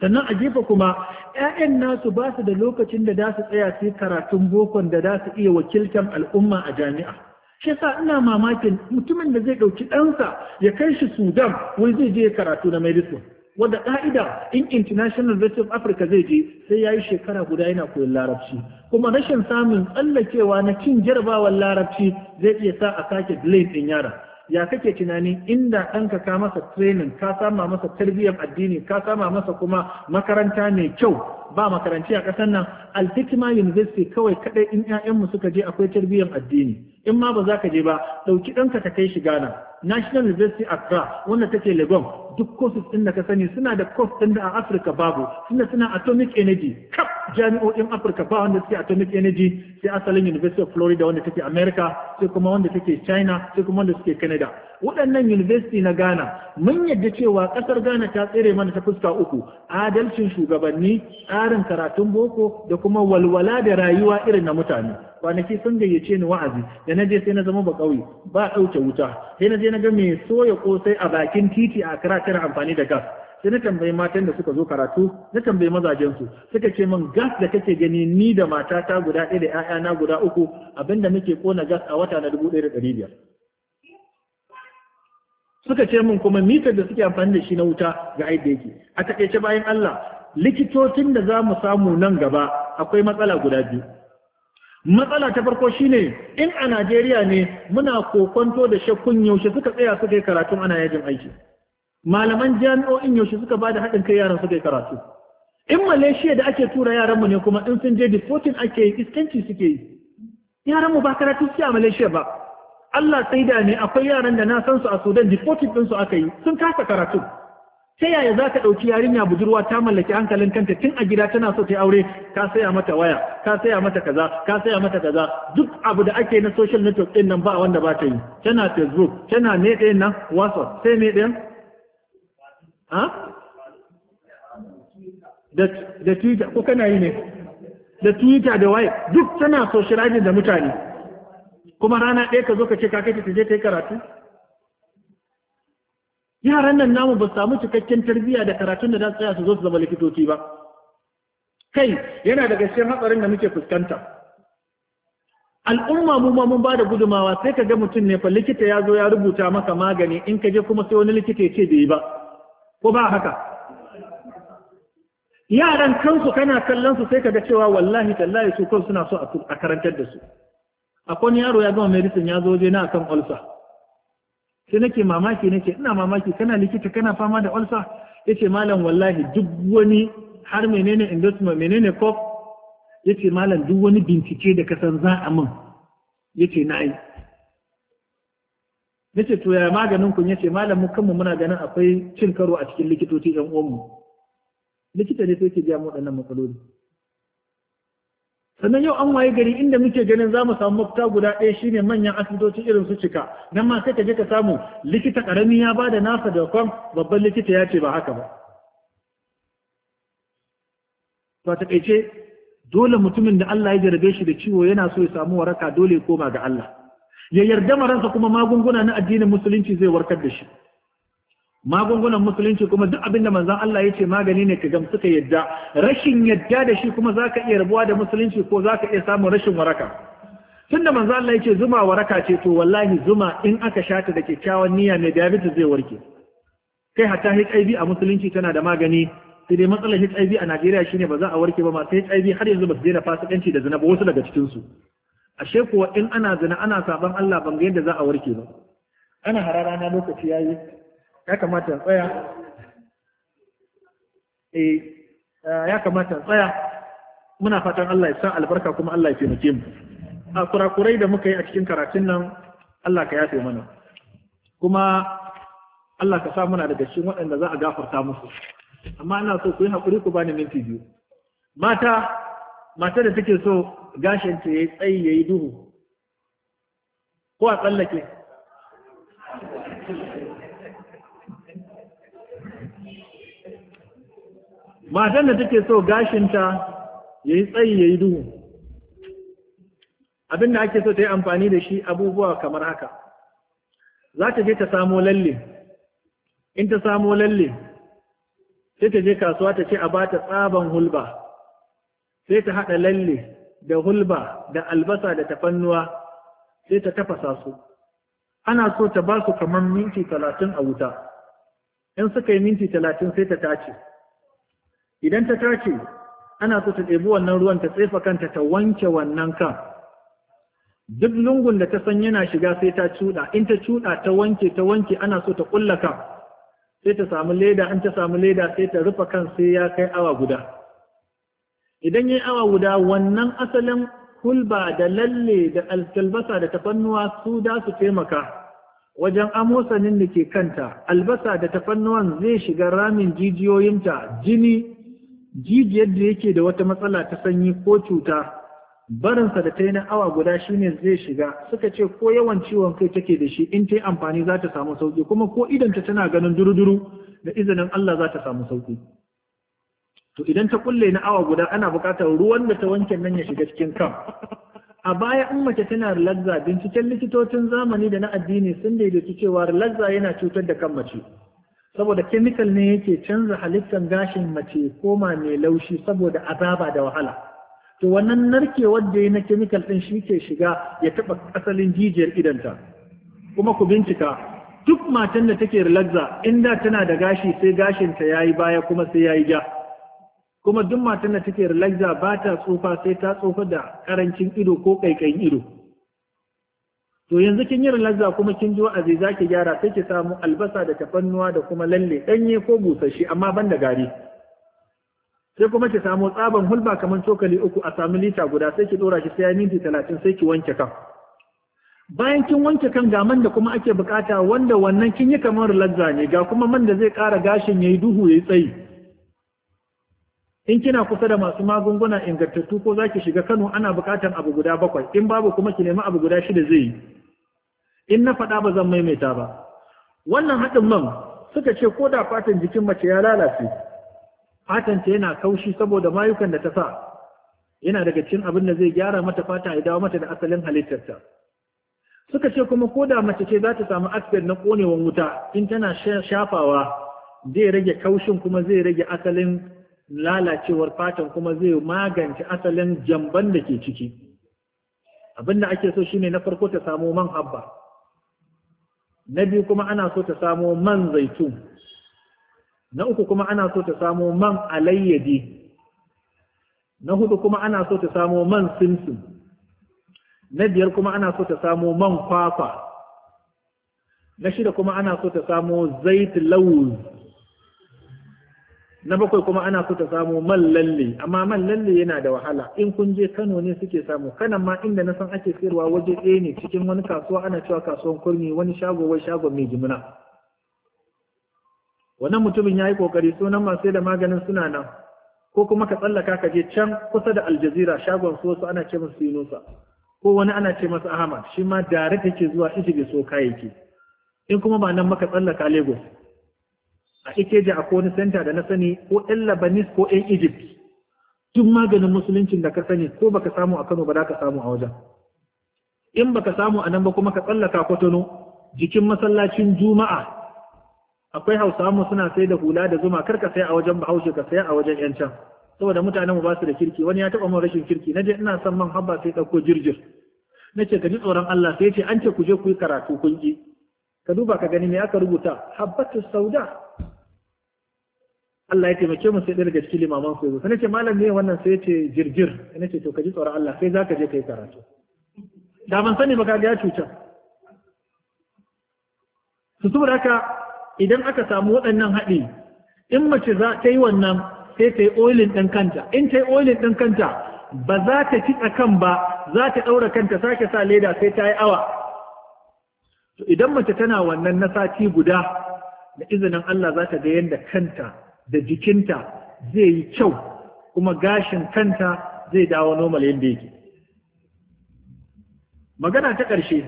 sannan a gefe kuma 'ya'yan nasu ba su da lokacin da za su tsaya su karatun bokon da za su iya wakiltar al'umma a jami'a shi yasa ina mamakin mutumin da zai ɗauki ɗansa ya kai shi sudan wai zai je karatu na medicine wanda ka'ida in international university of africa zai je sai ya yi shekara guda yana koyon larabci kuma rashin samun tsallakewa na cin jarabawar larabci zai iya sa a sake delay din yaron ya kake tunani inda ɗanka ka masa training ka sama masa tarbiyyar addini ka sama masa kuma makaranta mai kyau ba makaranci a ƙasar nan alhikma university kawai kadai in ƴaƴanmu suka je akwai tarbiyyar addini in ma ba za ka je ba ɗauki ɗanka ka kai shi Ghana National University Accra wanda take Legon duk courses ɗin da ka sani suna da course ɗin da a Afirka babu suna suna atomic energy kap jami'o'in Afirka ba wanda suke atomic energy sai asalin University of Florida wanda take America sai kuma wanda take China sai kuma wanda suke Canada waɗannan university na Ghana mun yadda cewa ƙasar Ghana ta tsere mana ta fuska uku adalcin shugabanni tsarin karatun boko da kuma walwala da rayuwa irin na mutane kwanaki sun gayyace ni wa'azi da na je sai na zama ba ƙauye ba ɗauke wuta sai na je na ga mai soya kosai a bakin titi a kira amfani da gas sai na tambayi matan da suka zo karatu na tambayi mazajen su suka ce min gas da kake gani ni da matata guda ɗaya da 'ya'yana guda uku abinda muke kona gas a wata na dubu ɗaya da ɗari biyar suka ce min kuma mitar da suke amfani da shi na wuta ga yadda yake a takaice bayan Allah likitocin da za mu samu nan gaba akwai matsala guda biyu matsala ta farko shine in a Najeriya ne muna kokonto da shakkun yaushe suka tsaya suka yi karatun ana yajin aiki malaman jami'o'in yaushe suka bada haɗin kai yaran suka yi karatu in Malaysia da ake tura yaran mu ne kuma in sun je discotin ake yi iskanci suke yi yaran mu ba karatu suke a Malaysia ba Allah sai da ne akwai yaran da na san su a Sudan deported din su aka yi sun kasa karatu ta yaya za ka ɗauki yarinya budurwa ta mallaki hankalin kanta tun a gida tana so ta yi aure ka saya mata waya ka saya mata kaza ka saya mata kaza duk abu da ake na social network ɗin nan ba wanda ba ta yi tana facebook tana ne ɗayan nan whatsapp sai ne ɗayan ha da twitter ko kana yi ne da twitter da waya duk tana socializing da mutane kuma rana ɗaya ka zo ka ce ka kai ta je ta yi karatu yaran nan namu ba samu cikakken tarbiyya da karatun da za su tsaya su zo su zama likitoci ba kai yana da cikin hatsarin da muke fuskanta al'umma mu ma mun da gudumawa sai ka ga mutum ne fa likita ya zo ya rubuta maka magani in ka je kuma sai wani likita ya ce bai yi ba ko ba haka yaran kansu kana kallon su sai ka ga cewa wallahi tallahi su kansu suna so a karantar da su akwai wani yaro ya gama medicine ya zo je na akan ulcer sai nake mamaki nake ina mamaki kana likita kana fama da ulcer yace malam wallahi duk wani har menene endorsement menene cop yace malam duk wani bincike da kasan za a min yace na yi nace to ya maganin kun yace malam mu kanmu muna ganin akwai cin karo a cikin likitoci ɗan mu. likita ne sai ke ga mu waɗannan matsaloli sannan yau an waye gari inda muke ganin za mu samu mafita guda ɗaya shine manyan asibitoci irin su cika nan ma sai ka je ka samu likita ƙarami ya ba da nasa da kwan babban likita ya ce ba haka ba ba ta ƙaice dole mutumin da Allah ya jarabe shi da ciwo yana so ya samu waraka dole ya koma ga Allah ya yarda maransa kuma magunguna na addinin musulunci zai warkar da shi magungunan musulunci kuma duk abin da manzon Allah ya ce magani ne ka gamsu ka yadda rashin yadda da shi kuma zaka iya rabuwa da musulunci ko zaka iya samun rashin waraka tunda manzon Allah ya ce zuma waraka ce to wallahi zuma in aka sha ta da kyakkyawan niyya mai diabetes zai warke kai hatta HIV a musulunci tana da magani sai dai matsalar HIV a Najeriya shine ba za a warke ba masu HIV har yanzu ba su daina fasikanci da zina ba wasu daga cikin su ashe kuwa in ana zina ana saban Allah ban ga yadda za a warke ba ana harara na lokaci yayi ya kamata tsaya eh, eh ya kamata tsaya muna fatan Allah ya san albarka kuma Allah ya taimake mu a kurakurai da muka yi a cikin karatun nan Allah ka yafe mana kuma Allah ka sa muna da cikin waɗanda za a gafarta musu amma ina so ku yi hakuri ku bani minti biyu mata mata da take so gashin ta yayi tsayi yayi duhu ko a tsallake matan da take so gashinta ya yi tsayi ya yi duhu abin da ake so ta yi amfani da shi abubuwa kamar haka za ta je ta samo lalle in ta samo lalle sai ta je kasuwa ta ce a ba ta tsaban hulba sai ta haɗa lalle da hulba da albasa da tafannuwa sai ta tafasa su ana so ta ba su kamar minti talatin a wuta in suka yi minti talatin sai ta tace idan ta tace ana so ta ɗebi wannan ruwan ta tsefa kanta ta wanke wannan kan duk lungun da ta san yana shiga sai ta cuɗa in ta cuɗa ta wanke ta wanke ana so ta ƙulla kan sai ta samu leda in ta samu leda sai ta rufe kan sai ya kai awa guda idan yayi awa guda wannan asalin kulba da lalle da albasa da tafannuwa su da su taimaka wajen amosanin da ke kanta albasa da tafannuwan zai shiga ramin jijiyoyinta jini jijiyar da yake da wata matsala ta sanyi ko cuta barinsa da ta yi na awa guda shi ne zai shiga suka ce ko yawan ciwon kai take da shi in ta yi amfani za ta samu sauki kuma ko ta tana ganin duruduru da izinin Allah za ta samu sauki to idan ta kulle na awa guda ana buƙatar ruwan da ta wanke nan ya shiga cikin kan a baya in mace tana relaxa binciken likitocin zamani da na addini sun daidaitu cewa relaxa yana cutar da kan mace saboda chemical ne yake canza halittar gashin mace koma mai laushi saboda azaba da wahala to wannan narkewar da yi na chemical din shi ke shiga ya taba asalin jijiyar idanta kuma ku bincika duk matan da take relaxa inda tana da gashi sai gashinta yayi baya kuma sai yayi ja kuma duk matan da take relaxa ba ta tsufa sai ta tsufa da ƙarancin ido ko kaikayin ido to yanzu kin yi lazza kuma kin ji wa'azi za ki gyara sai ki samu albasa da tafannuwa da kuma lalle ɗanye ko busasshe amma ban da gari sai kuma ki samu tsaban hulba kamar cokali uku a samu lita guda sai ki dora shi sai minti talatin sai ki wanke kan bayan kin wanke kan ga man da kuma ake bukata wanda wannan kin yi kamar lazza ne ga kuma man da zai kara gashin yayi duhu yayi tsayi in kina kusa da masu magunguna ingantattu ko zaki shiga Kano ana bukatan abu guda bakwai in babu kuma ki nemi abu guda shida zai yi in na faɗa ba zan maimaita ba wannan haɗin man suka ce ko da fatan jikin mace ya lalace fatan ta yana kaushi saboda mayukan da ta sa yana daga cikin abin da zai gyara mata fata ya dawo mata da asalin halittarta suka ce kuma ko da mace ce za ta samu asibit na konewan wuta in tana shafawa zai rage kaushin kuma zai rage asalin lalacewar fatan kuma zai magance asalin jamban da ke ciki abin da ake so shine na farko ta samo man habba na biyu kuma ana so ta samo man zaitun na uku kuma ana so ta samo man alayyadi na hudu kuma ana so ta samo man simsim na biyar kuma ana so ta samo man kwakwa na shida kuma ana so ta samo zaitun lawuz na bakwai kuma ana so ta samu man lalle amma man lalle yana da wahala in kun je Kano ne suke samu kanan ma inda na san ake sayarwa waje ɗaya ne cikin wani kasuwa ana cewa kasuwan kurmi wani shago wai shago mai jimina wannan mutumin ya yi kokari sunan masu da maganin suna nan ko kuma ka tsallaka ka je can kusa da aljazira shagon su wasu ana ce musu yunusa ko wani ana ce masa ahmad shi ma dare take zuwa ita bai so kayayyaki in kuma ba nan maka tsallaka lagos a ikeja a wani center da na sani ko ɗan labanis ko ɗan egypt duk maganin musuluncin da ka sani ko baka samu a kano ba za ka samu a wajen in baka samu a nan ba kuma ka tsallaka kwatano jikin masallacin juma'a akwai hausawa suna sai da hula da zuma kar ka saya a wajen bahaushe ka saya a wajen yan can saboda mutanen mu ba su da kirki wani ya taba mun rashin kirki naje ina son man haba sai dauko jirjir nace ka ji tsoron Allah sai ce an ce ku je ku yi karatu kun ka duba ka gani me aka rubuta habbatu sauda Allah ya taimake mu sai ɗaya daga cikin limaman su yazo sai ce malam ne wannan sai ce jirjir sai ce to ka ji tsoron Allah sai zaka je kai karatu da ban sani ba ka ga cuta su saboda haka idan aka samu waɗannan haɗi in mace za ta yi wannan sai ta yi oilin ɗin kanta in ta yi oilin ɗin kanta ba za ta ci tsakan ba za ta ɗaura kanta sake sa leda sai ta yi awa idan mace tana wannan na sati guda da izinin Allah za ta ga yadda kanta da jikinta zai yi kyau kuma gashin kanta zai dawo normal yadda yake magana ta ƙarshe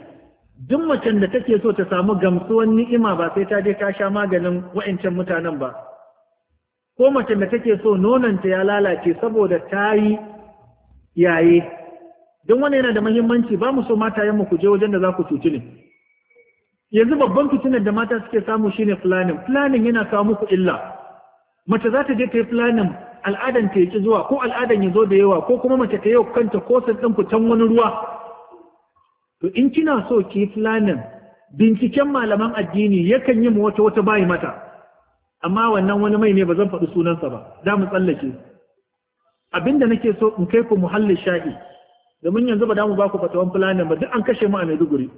duk macen da take so ta samu gamsuwan ni'ima ba sai ta je ta sha maganin wa'incan mutanen ba ko macen da take so nononta ya lalace saboda ta yi yaye don wani yana da mahimmanci ba mu so matayenmu ku je wajen da za ku cuci ne yanzu babban fitinar da mata suke samu shine planning planning yana kawo muku illa mace za ta je ta yi planin al'adan ta yaki zuwa ko al'adan ya zo da yawa ko kuma mace ta yau kanta ko sun ɗan fitan wani ruwa to in kina so ki fulanin binciken malaman addini yakan yi wata wata bayi mata amma wannan wani mai ne ba zan faɗi sunansa ba da mu tsallake abinda nake so in kai ku muhallin sha'i domin yanzu ba damu ba ku fatawan fulanin ba duk an kashe mu a Maiduguri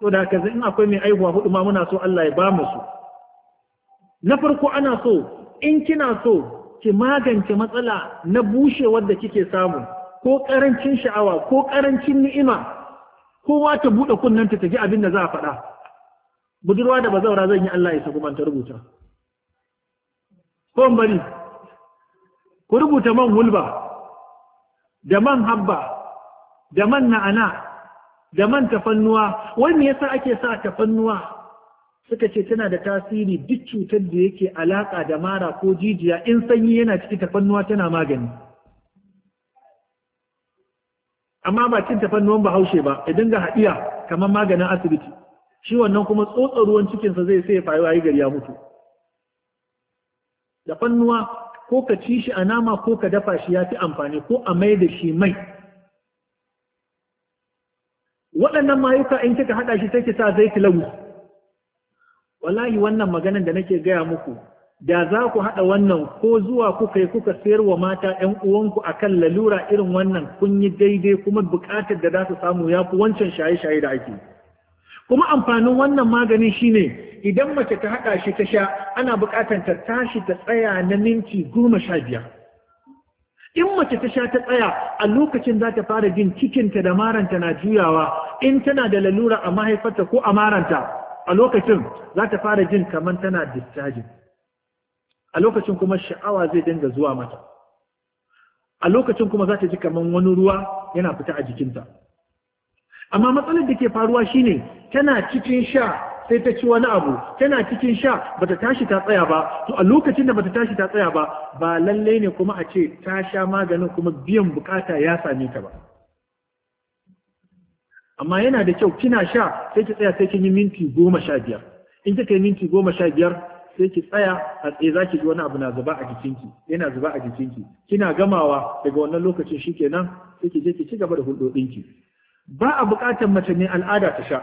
to da haka in akwai mai aihuwa hudu ma muna so Allah ya ba mu su na farko ana so in kina so ki magance matsala na bushewar da kike samu ko karancin sha'awa ko ƙarancin ni'ima kowa ta bude kunnanta ta ji abin da za a faɗa budurwa da bazaura zan yi Allah ya saku ban ta rubuta ko bari ku rubuta man hulba da man habba da man na'ana da man tafannuwa wani yasa ake sa tafannuwa suka ce tana da tasiri duk cutar da yake alaƙa da mara ko jijiya in sanyi yana ciki tafannuwa tana magani amma ba cin tafannuwan bahaushe ba idan ga haɗiya kamar maganin asibiti shi wannan kuma tsotsa ruwan cikinsa zai sai fayo yi gari ya mutu tafannuwa ko ka ci shi a nama ko ka dafa shi ya fi amfani ko a mai da shi mai waɗannan mayuka in kika haɗa shi sai ki sa zai lagu wallahi wannan maganan da nake gaya muku da za ku haɗa wannan ko zuwa kuka yi kuka sayar wa mata ‘yan uwanku a kan lalura irin wannan kun yi daidai kuma buƙatar da za su samu ya fi wancan shaye-shaye da ake. Kuma amfanin wannan maganin shine idan mace ta haɗa shi ta sha ana buƙatar ta tashi ta tsaya na minti goma sha biyar. In mace ta sha ta tsaya a lokacin za ta fara jin cikinta da maranta na juyawa in tana da lalura a mahaifarta ko a maranta a lokacin za ta fara jin kamar tana discharging a lokacin kuma sha'awa zai dinga zuwa mata a lokacin kuma za ta ji kamar wani ruwa yana fita a jikinta amma matsalar da ke faruwa shine tana cikin sha sai ta ci wani abu tana cikin sha bata tashi ta tsaya ba to a lokacin da bata tashi ta tsaya ba ba lalle ne kuma a ce ta sha maganin kuma biyan bukata ya same ta ba amma yana da kyau kina sha sai ki tsaya sai ki yi minti goma sha biyar in kika yi minti goma sha biyar sai ki tsaya a tsaye za ki ji wani abu na zuba a jikinki yana zuba a jikinki kina gamawa daga wannan lokacin shikenan sai ki je ki ci gaba da hulɗoɗinki ba a buƙatar mace ne al'ada ta sha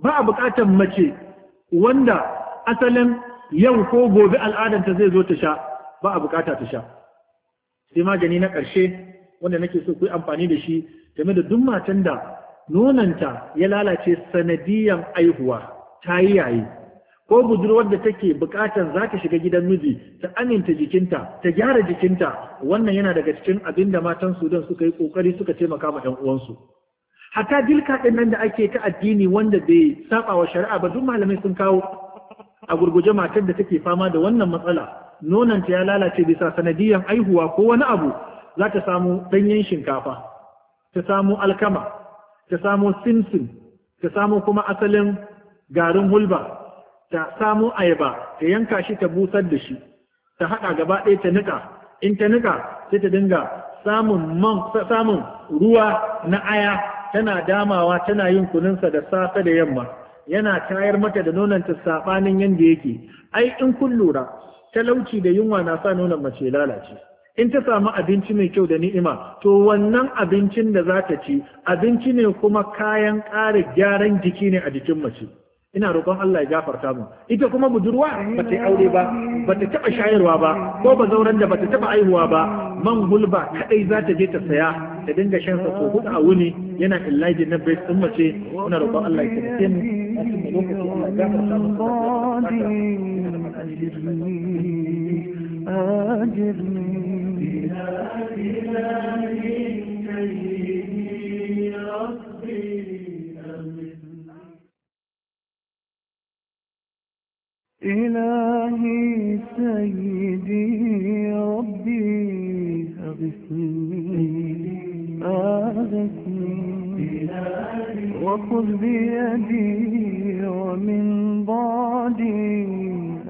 ba a buƙatar mace wanda asalin yau ko gobe al'adanta zai zo ta sha ba a buƙata ta sha sai magani na ƙarshe wanda nake so ku yi amfani da shi game da duk matan da nonanta ya lalace sanadiyan aihuwa ta yi yayi ko budurwar da take bukatar za ta shiga gidan miji ta aminta jikinta ta gyara jikinta wannan yana daga cikin abin da matan sudan suka yi kokari suka taimaka ma 'yan uwansu hatta dilka ɗin nan da ake ta addini wanda bai saba wa shari'a ba duk malamai sun kawo a gurguje matar da take fama da wannan matsala nonanta ya lalace bisa sanadiyan aihuwa ko wani abu za ta samu ɗanyen shinkafa ta samu alkama ta samo sinsin ta samo kuma asalin garin hulba ta samo ayaba ta yanka shi ta busar da shi ta haɗa gaba ɗaya ta niƙa in ta nika sai ta dinga samun man samun ruwa na aya tana damawa tana yin kununsa da safe da yamma yana tayar mata da ta sabanin yanda yake ai in kun talauci da yunwa na sa nonon mace lalace in ta samu abinci mai kyau da ni'ima to wannan abincin da za ta ci abinci ne kuma kayan ƙara gyaran jiki ne a jikin mace ina roƙon Allah ya gafarta mu ita kuma budurwa ba ta yi aure ba ba ta taɓa shayarwa ba ko ba zauren da ba ta taɓa aihuwa ba man gulba kaɗai za ta je ta saya ta dinga shan sa ko huɗu a wuni yana illaji na bai sun mace ina roƙon Allah ya taɓa mu أجرني إلهي سيدي ربي أغثني أغثني وخذ بيدي ومن بعدي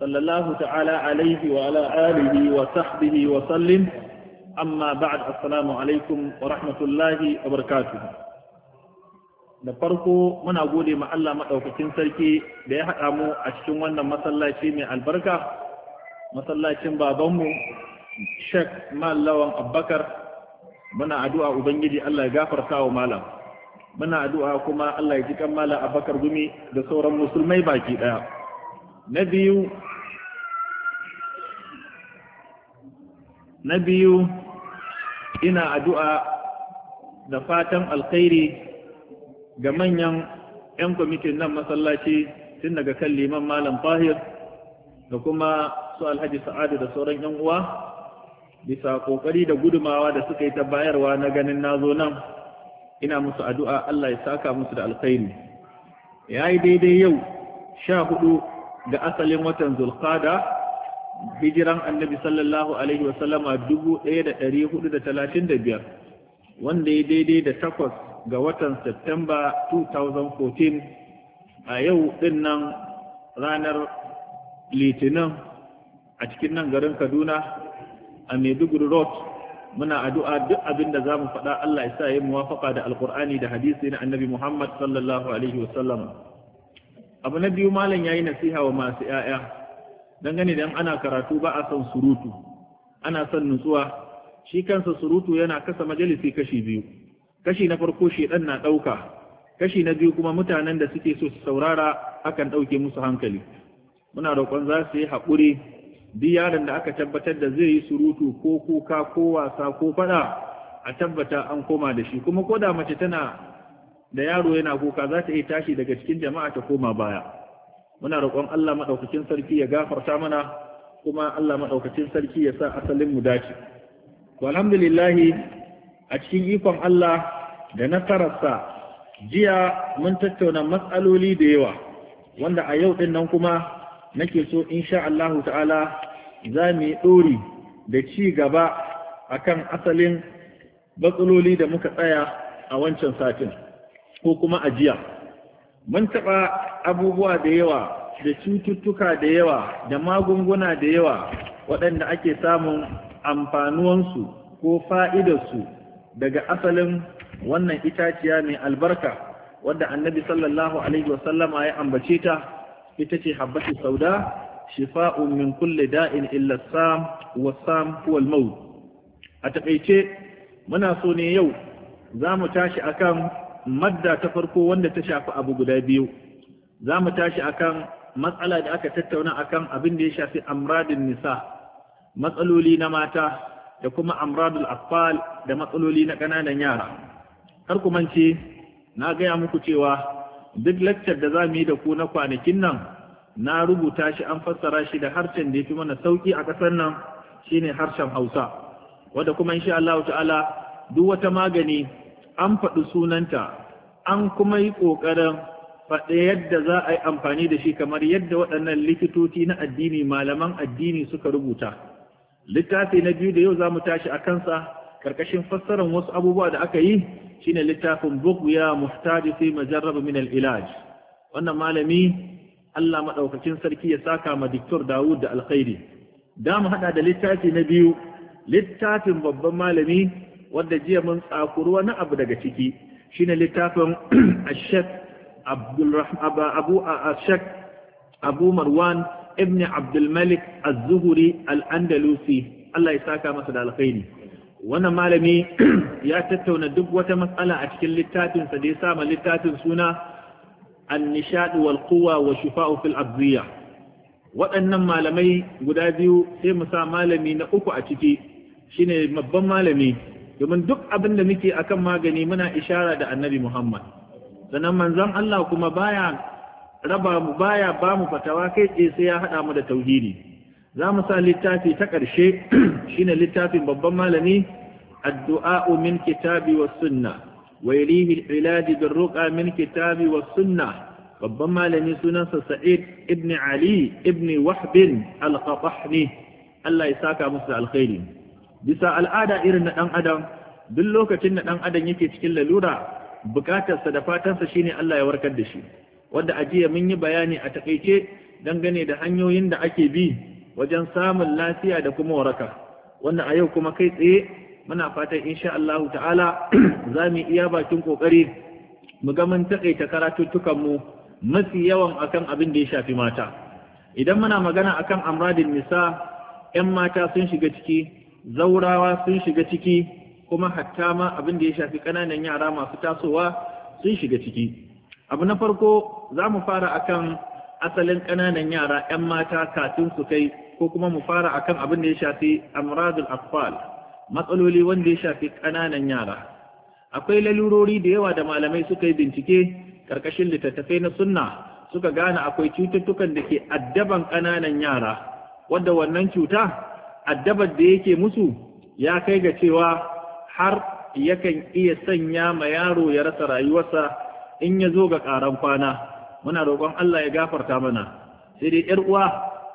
صلى الله تعالى عليه وعلى آله وصحبه وسلم أما بعد السلام عليكم ورحمة الله وبركاته da farko muna gode ma Allah maɗaukakin sarki da ya haɗa mu a cikin wannan masallaci mai albarka masallacin babanmu Sheikh Mallawan Abbakar muna addu'a Ubangiji Allah ya gafarta wa malam muna addu'a kuma Allah ya ji kan malam Abbakar gumi da sauran musulmai baki ɗaya na biyu na biyu ina addu'a da fatan alkhairi ga manyan 'yan kwamitin nan masallaci tun daga kan liman malam fahir da kuma su alhaji sa'adu da sauran 'yan uwa bisa kokari da gudumawa da suka yi ta bayarwa na ganin nazo nan ina musu addu'a Allah ya saka musu da alkhairi ya yi daidai yau sha hudu ga asalin watan zulqada hijiran annabi sallallahu alaihi sallama dubu ɗaya da ɗari hudu da talatin da biyar wanda ya daidai da takwas ga watan Septemba 2014 a yau ɗin nan ranar litinin a cikin nan garin Kaduna a Maiduguri Road muna addu'a duk abin da za mu faɗa Allah ya sa yi muwafaka da alkur'ani da hadisi na annabi Muhammad sallallahu alaihi wasallam abu na biyu malam yayi nasiha wa masu 'ya'ya gani da ana karatu ba a son surutu ana son nutsuwa shi kansa surutu yana kasa majalisi kashi biyu kashi na farko shedan na dauka kashi na biyu kuma mutanen da suke so su saurara akan dauke musu hankali muna roƙon za su yi haƙuri duk yaron da aka tabbatar da zai yi surutu ko kuka ko wasa ko fada a tabbata an koma da shi kuma ko da mace tana da yaro yana kuka za ta iya tashi daga cikin jama'a ta koma baya muna roƙon Allah maɗaukacin sarki ya gafarta mana kuma Allah maɗaukacin sarki ya sa asalin mu dace to alhamdulillah a cikin ikon Allah da nasararsa jiya mun tattauna matsaloli da yawa wanda a yau din nan kuma nake so sha Allah ta'ala za mu yi ɗori da ci gaba a kan asalin matsaloli da muka tsaya a wancan satin ko kuma a jiya. mun taɓa abubuwa da yawa da cututtuka da yawa da magunguna da yawa waɗanda ake samun amfanuwansu ko fa'idarsu daga asalin wannan itaciya mai albarka wadda annabi sallallahu alaihi wasallama ya ambace ta ita ce habbatu sauda shifa'un min kulle da'in illa sam wa sam huwa al a taƙaice muna so ne yau za mu tashi akan madda ta farko wanda ta shafi abu guda biyu za mu tashi akan matsala da aka tattauna akan abin da ya shafi amradin nisa matsaloli na mata da kuma amradul afal da matsaloli na ƙananan yara har kuma mance na gaya muku cewa duk lakcar da za mu yi da ku na kwanakin nan na rubuta shi an fassara shi da harshen da ya fi mana sauƙi a ƙasar nan shine harshen hausa wanda kuma insha Allah ta'ala duk wata magani an faɗi sunanta an kuma yi ƙoƙarin faɗe yadda za a yi amfani da shi kamar yadda waɗannan likitoci na addini malaman addini suka rubuta littafi na biyu da yau za mu tashi a kansa ƙarƙashin fassarar wasu abubuwa da aka yi shine littafin buguya muhtaji fi jarraba min al-ilaj wannan malami Allah maɗaukacin sarki ya saka ma Diktor Dawud da alkhairi da mu haɗa da littafi na biyu littafin babban malami wanda jiya mun tsakuri wani abu daga ciki shine littafin ashek abu ashek marwan ibn abdulmalik az-zuhuri al-andalusi Allah ya saka masa da alkhairi wannan malami ya tattauna duk wata matsala a cikin littafinsa da ya sama littafin suna annishadu wal quwa wa shifa'u fil abziya waɗannan malamai guda biyu sai mu sa malami na uku a ciki shine babban malami domin duk abin da muke akan magani muna ishara da annabi Muhammad sannan manzon Allah kuma baya raba mu baya ba mu fatawa kai tsaye sai ya hada mu da tauhidi za mu sa littafi ta ƙarshe shine littafin babban malami addu'a min kitabi was sunna wa yalihi al min kitabi was sunna babban malami sunansa Sa'id ibn Ali ibn Wahb al-Qatahni Allah ya saka musu alkhairi bisa al'ada irin na ɗan adam duk lokacin da ɗan adam yake cikin lalura bukatarsa da fatansa shine Allah ya warkar da shi wanda a jiya mun yi bayani a takaice dangane da hanyoyin da ake bi wajen samun lafiya da kuma waraka wanda a yau kuma kai tsaye muna fatan insha Allah ta'ala za mu iya bakin kokari mu ga mun taƙaita karatuttukan mu mafi yawan akan abin da ya shafi mata idan muna magana akan amradin nisa 'yan mata sun shiga ciki zaurawa sun shiga ciki kuma hatta ma abin da ya shafi ƙananan yara masu tasowa sun shiga ciki abu na farko za mu fara akan asalin ƙananan yara 'yan mata kafin su kai ko kuma mu fara akan abin da ya shafi amradul afal matsaloli wanda ya shafi ƙananan yara akwai lalurori da yawa da malamai suka yi bincike ƙarƙashin littattafai na sunna suka gane akwai cututtukan da ke addaban ƙananan yara wadda wannan cuta addabar da yake musu ya kai ga cewa har yakan iya sanya ma yaro ya rasa rayuwarsa in ya zo ga karan kwana muna roƙon Allah ya gafarta mana sai dai ƴar uwa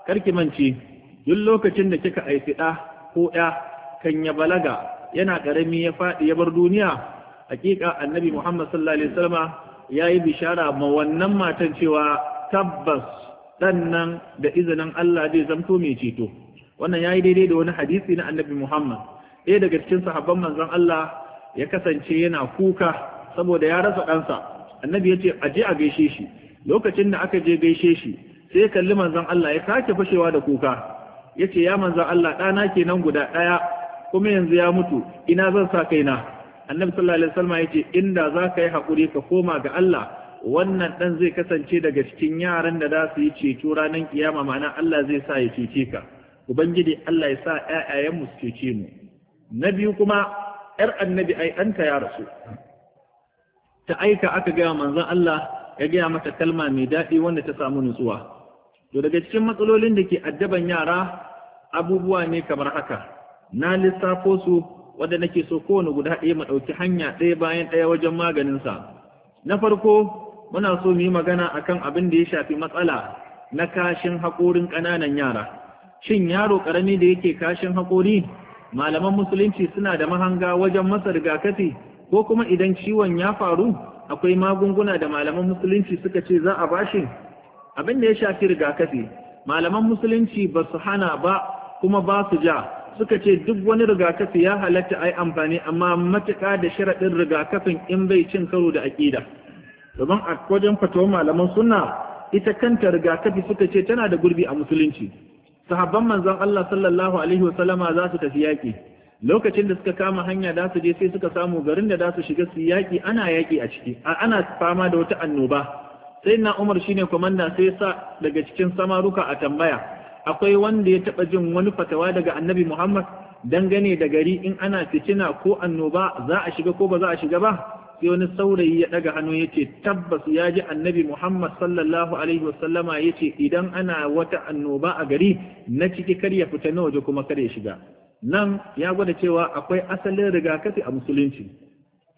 karki mance duk lokacin da kika aiki ɗa ko ɗa kan ya balaga yana ƙarami ya faɗi ya bar duniya haƙiƙa annabi Muhammad sallallahu alaihi ya yi bishara ma wannan matan cewa tabbas ɗan nan da izinin Allah zai zamto mai ceto wannan ya yi daidai da wani hadisi na annabi Muhammad ɗaya daga cikin sahabban manzon Allah ya kasance yana kuka saboda ya rasa ɗansa annabi ya ce a je a gaishe shi lokacin da aka je gaishe shi sai kalli manzon Allah ya sake fashewa da kuka ya ce ya manzon Allah ɗana kenan guda ɗaya kuma yanzu ya mutu ina zan sa kaina annabi sallallahu alaihi wasallam ya ce inda za ka yi haƙuri ka koma ga Allah wannan ɗan zai kasance daga cikin yaran da za su yi ceto ranar kiyama ma'ana Allah zai sa ya cece ka ubangiji Allah ya sa ƴaƴayen mu cece mu na biyu kuma 'yar annabi ai ya rasu ta aika aka gaya manzon Allah ya gaya mata kalma mai daɗi wanda ta samu nutsuwa to daga cikin matsalolin da ke addaban yara abubuwa ne kamar haka na lissafo su wanda nake so kowane guda ɗaya mu ɗauki hanya ɗaya bayan ɗaya wajen maganinsa na farko muna so mu yi magana akan abin da ya shafi matsala na kashin haƙorin ƙananan yara shin yaro karami da yake kashin haƙori malaman musulunci suna da mahanga wajen masa rigakafi ko kuma idan ciwon ya faru akwai magunguna da malaman musulunci suka ce za a bashi abin da ya shafi rigakafi malaman musulunci ba su hana ba kuma ba su ja suka ce duk wani rigakafi ya halatta a yi amfani amma matuƙa da sharaɗin rigakafin in bai cin karo da aƙida domin a wajen fatawar malaman sunna ita kanta rigakafi suka ce tana da gurbi a musulunci sahabban manzon Allah sallallahu alaihi wasallama za su tafi yaƙi lokacin da suka kama hanya da su je sai suka samu garin da za su shiga su yaƙi ana yaƙi a ciki ana fama da wata annoba sai na Umar shine komanda sai sa daga cikin samaruka a tambaya akwai wanda ya taba jin wani fatawa daga Annabi Muhammad dangane da gari in ana fitina ko annoba za a shiga ko ba za a shiga ba sai wani saurayi ya daga hannu ya ce tabbas ya ji annabi Muhammad sallallahu Alaihi wasallama ya ce idan ana wata annoba a gari na ciki kar ya fita na waje kuma kar ya shiga. Nan ya gwada cewa akwai asalin rigakafi a musulunci.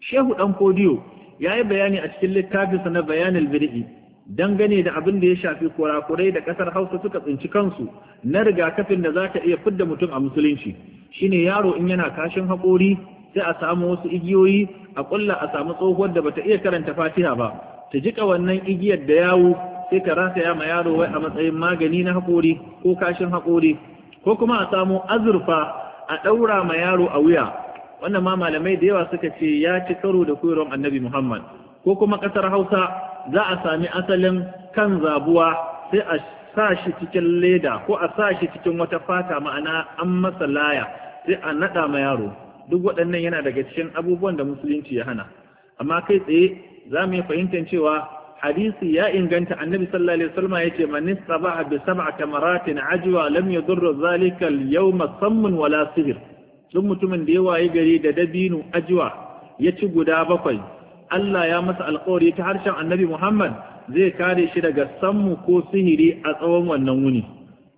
Shehu Dan Kodiyo ya yi bayani a cikin littafinsa na bayanin bir'i dangane da abin da ya shafi kurakurai da ƙasar Hausa suka tsinci kansu na rigakafin da za ta iya fidda mutum a musulunci. Shine yaro in yana kashin haƙori sai a samu wasu igiyoyi a kulla a samu tsohuwar da bata iya karanta fatiha ba ta jika wannan igiyar da yawo sai rasa rataya ma yaro wai a matsayin magani na haƙori ko kashin haƙori ko kuma a samu azurfa a ɗaura ma yaro a wuya wannan ma malamai da yawa suka ce ya ci karo da koyarwar annabi muhammad ko kuma ƙasar hausa za a sami asalin kan zabuwa sai a sa shi cikin leda ko a sa shi cikin wata fata ma'ana an masa laya sai a naɗa ma yaro duk waɗannan yana daga cikin abubuwan da musulunci ya hana amma kai tsaye za mu yi fahimtar cewa hadisi ya inganta annabi sallallahu alaihi wasallam yace man istabaha bi sab'a tamaratin ajwa lam yadurru zalika al-yawma sammun wala sihr duk mutumin da ya wayi gari da dabino ajwa ya ci guda bakwai Allah ya masa alƙawari ta harshen annabi Muhammad zai kare shi daga sammu ko sihiri a tsawon wannan wuni